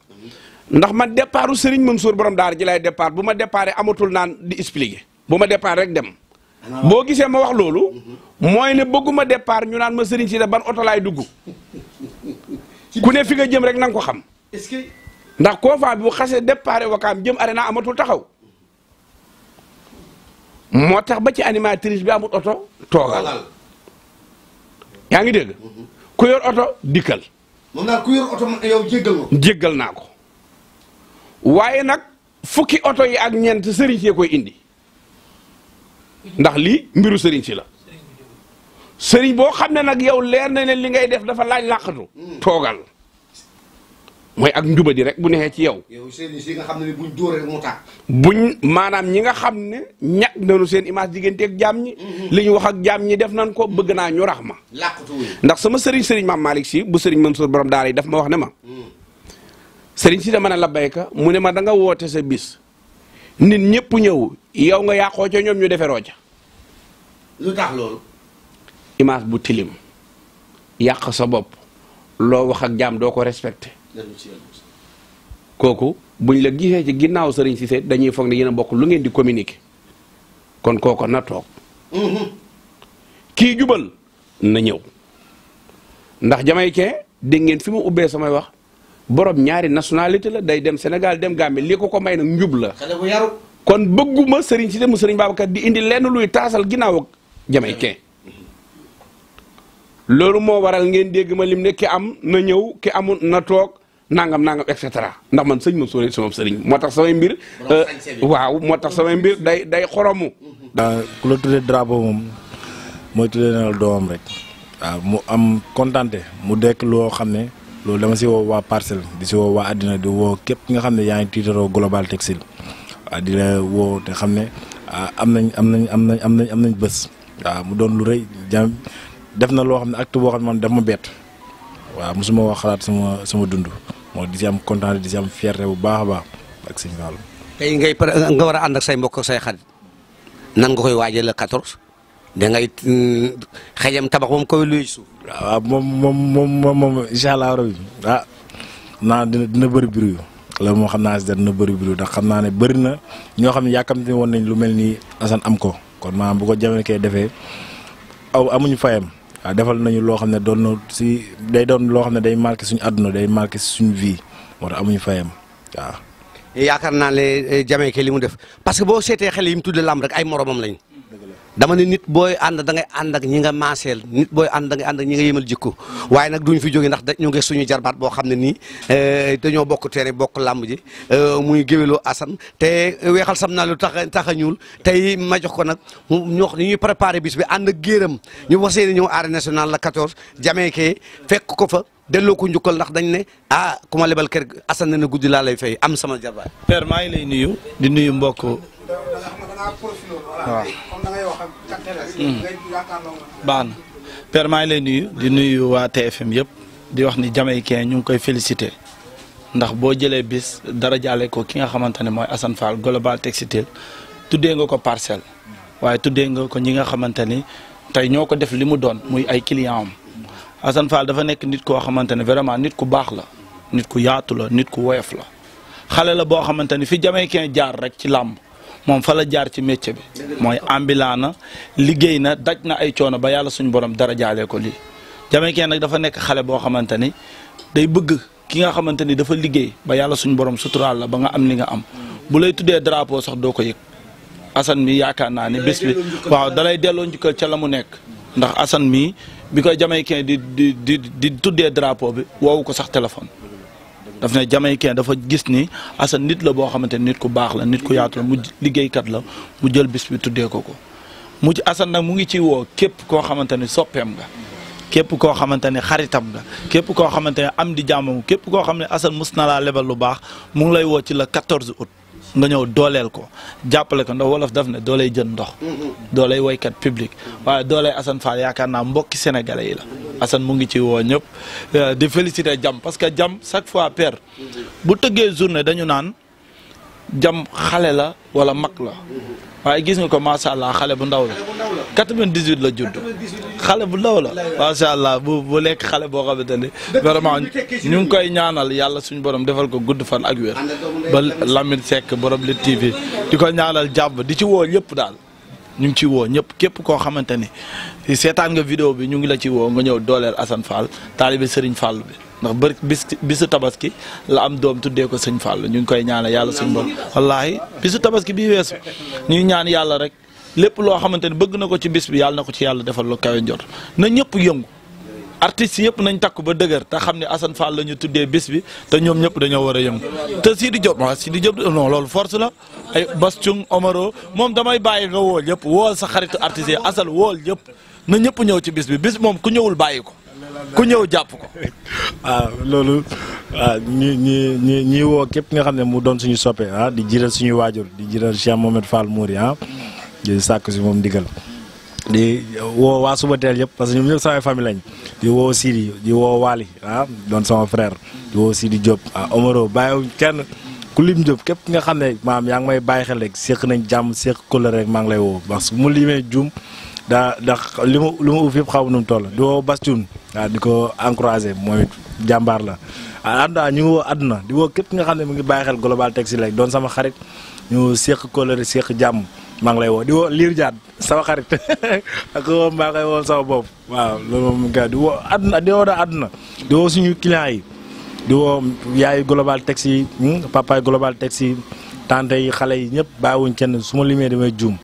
Speaker 14: ndax man départu sëriñ Mansour borom daara ji lay départ bu ma départé amatul naan di expliquer bu ma départ rek dem boo gisee ma wax loolu mhm. mooy ne bëgguma départ ñu naan ma sëriñ si da ban oto laay dugg ku ne fi nga jëm rek na ko xam est-ce ndax Cofa bi bu xasee départ wakaam jëm naa amatul taxaw moo tax ba ci animatrice bi amul oto toogal yaa ngi dégg mhm. ku oto dikkal moom naa ku naa ko waaye nag fukki oto yi ak ñeent sëriñ see koy indi ndax lii mbiru sëriñ si la sëriñ boo xam ne nag yow leer na ne li ngay def dafa laaj làqatu hmm. toogal mooy ak njuba di rek bu neexee ci yow. yow sëriñ si nga xam ne buñ dóor rek mu tàkk. maanaam ñi nga xam ne ñàkk nañu seen image diggante ak jaam ñi. Hmm. li ñu wax ak jaam ñi def nañ ko bëgg naa ñu rax ma. làqatu ndax sama sëriñ sëriñ maam Malick si bu sëriñ Mansour borom daara yi daf ma wax ne ma. Hmm. sëriñ si dama ne la bayka mu ne ma danga woote sa bis. nit ñëpp ñëw yow nga yàqoo ca ñoom ñu deferoo ca. lu tax loolu. image bu tilim yàq sa bopp loo wax ak jaam doo ko respecté kooku buñ la gisee ci ginnaaw sëriñ si Cissé dañuy foog ne yéen a bokk lu ngeen di communiquer kon kooko na toog kii jubal na ñëw ndax jamaïcain dégg ngeen fi ma ubbee samay wax borom ñaari nationalité la day dem Sénégal dem Gambie li ko ko may nag njub la kon bëgguma sëriñ si mu sëriñ Babacar di indi lenn luy taasal ginnaaw ak jamaïcain loolu moo waral ngeen dégg ma lim ne ki am na ñëw ki amul na toog nangam nangam et cetera ndax man sëñ Mansour Sy sama sëriñ moo tax samay mbir. Euh, waaw moo tax samay mbir day day xoromu.
Speaker 13: Euh, ku la tuddee drapeau moom mooy tuddee na doomam rek. mu am kontante mu dekk loo xam ne loolu dama si woo waa parcelle di si woo waa àddina di woo képp ki nga xam ne yaa ngi tiitaroo global textile waaw di la te xam ne ah, am nañ am nañ am nañ am nañ am nañ bés. mu doon lu rëy def na loo xam ne ak boo xam ne man daf ma bett waaw suma wax xalaat suma sama dund moo di si am kontaan di si am fierté bu baax a baax ak sëñ Fallou. tey nga war a ànd ak say mbokk ak say xarit koy waajal la 14 da ngay mm, xëjam tabax moom koy luy moom moom moom moom ah, naa dina dina bëri bruit la moo xam naa si dina bëri bruit ndax xam naa ne bari na ñoo xam ne yàkkamti woon nañ lu mel nii Assane am ko kon maanaam bu ko jamono kee defee aw amuñu fayam. waaw ah, defal nañu loo xam ne doon na si day doon loo xam ne day marqué suñu àdduna day marqué suñu vie moo tax amuñu fayam waaw.
Speaker 1: yaakaar naa ne eh, Jamaïcain li mu def parce que boo seetee xel yi mu tudd làmb rek ay moromam lañu. dama ne nit booy ànd da ngay ànd ak ñi nga maaseel nit booy ànd da ngay ànd ak ñi nga yémal jikko waaye nag duñ fi jóge ndax dañu ngi suñu jarbaat boo xam ne nii eh, dañoo bokk teere bokk làmb ji eh, muy géwéloo asan te weexal sam naa lu tax tax a ñuul tey ma jox ko nag ñu wax ñuy préparé bis bi ànd ak géeram ñu wasee ne ñëw national la la jamee jameekee fekk ko fa delloo ko njukkal ndax dañ ne ah ku ma lebal kër asan
Speaker 15: ne na guddi laa lay fay am sama jarbaat. maa ngi lay nuyu di nuyu mbokk waaw mm. baax na père maa lay nuyu di nuyu waa TFM yëpp di wax ni Jamaïcain ñu ngi koy félicité ndax boo jëlee bis dara jaale ko ki nga xamante ne mooy Assane Fall Global Textile tuddee nga ko parcelle waaye tuddee nga ko ñi nga xamante ni tey ñoo ko def li mu doon muy ay client am Assane dafa nekk nit koo xamante ne vraiment nit ku baax la nit ku yaatu la nit ku woyof la xale la boo xamante ni fi Jamaïcain jaar rek ci làmb moom fa la jaar ci métier bi mooy ambilaana liggéey na daj na ay coono ba yàlla suñu borom dara jaalee ko lii Jamaïcain nag dafa nekk xale boo xamante ni day bëgg ki nga xamante ni dafa liggéey ba yàlla suñu borom suturaal la ba nga am li nga am bu lay tuddee drapeau sax doo ko yëg Assane mi yaakaar naa ni bés bi waaw da delloo njukkal ca la mu nekk ndax Assane mii bi koy Jamaïcain di di di di tuddee drapeau bi woowu ko sax téléphone daf ne jamaïcain dafa gis ni Assane nit la boo xamante ni nit ku baax la nit ku yaatu la mu liggéeykat la mu jël bis bi tuddee ko ko mu ci Assane nag mu ngi ci woo képp koo xamante ni soppeem nga képp koo xamante ne xaritam nga képp koo xamante ne am di jàmmam képp koo xam ne Assane mus na laa lebal lu baax mu ngi lay woo ci la 14 ot nga ñëw dooleel ko jàppale ko ndax wolof daf ne dooley jën ndox dooley woykat public waaye dooley Assane Fall yaakaar naa mbokki sénégalais yi la Assane mu ngi ci woo ñëpp euh, di féliciter jam parce que jam chaque fois pair bu tëggee journée dañu naan jam xale la wala mag la waaye gis nga ko macha allah xale bu ndaw la 98 la judd xale bu ndaw la macha allah bu bu lekk xale boo xamante ni vraiment ñu ngi koy ñaanal yàlla suñu borom defal ko gudd fan ak wér ba Lamine sekk borom Lutte TV di ko ñaanal jàmm di ci woo ñëpp daal ñu ngi ci woo ñëpp képp koo xamante ni seetaan nga vidéo bi ñu ngi la ci woo nga ñëw dooleel Assane Fall taalibe Serigne Fall bi ndax bër bis bisu tabaski la am doom tuddee ko sëñ Fall ñu ngi koy ñaanal yàlla suñu borom wallaahi bisu tabaski bii weesu ñuy ñaan yàlla rek. lépp loo xamante ne bëgg na ko ci bis bi yàlla na ko ci yàlla defal lu kawe na ñëpp yëngu artistes yëpp nañ takku ba dëgër te xam ne Assane Fall la ñu tuddee bis bi te ñoom ñëpp dañoo war a yëngu te Sidi Diop waaw Sidi Diop non loolu force la ay Bass moom damay bàyyi nga wool yëpp wool sa xaritu artistes yi asal wool yëpp na ñëpp ñëw ci bis bi bis moom ku ñëwul bàyyi ko ku ñëw jàpp ko.
Speaker 13: waaw (laughs) ah, loolu waaw ah, ñi ñi ñi ñi woo képp nga xam ne mu doon suñu soppe ah di jiral suñu waajur di jiral Cheikh Mohamed Fall Mouri ah. di sàkk si moom ndigal di woo waa suba teel yëpp parce que ñoom ñëpp samay famille lañ di woo Sidi di woo Waly ah doon sama frère di woo Sidi Diop ah Omaro bàyyiwuñ kenn ku lim Diop képp nga xam ne maam yaa ngi may bàyyi xel rek séq nañ jàmm séq kóllëre maa ngi lay woo parce que mu limee juum daa ndax li ma li ma uuf yëpp xaw nu mu toll di woo Bastoun waaw ah, di ko encouragé mooy jàmbaar la ah àdduna ñu ngi woo àdduna di woo képp nga xam ne mu ngi bàyyi xel Global Tech si doon sama xarit ñu séq kóllëre séq jàmm maa ngi lay woo di woo liir jaat sama xarit (laughs) ak woo maa koy woo sama bopp waaw loolu moom gars di woo àdduna di woo daa àdduna di woo suñu clients yi di woo yaay global taxi yi hmm, papaay global taxi yi tante yi xale yi ñëpp bàyyiwuñ kenn suma ma limee damay juum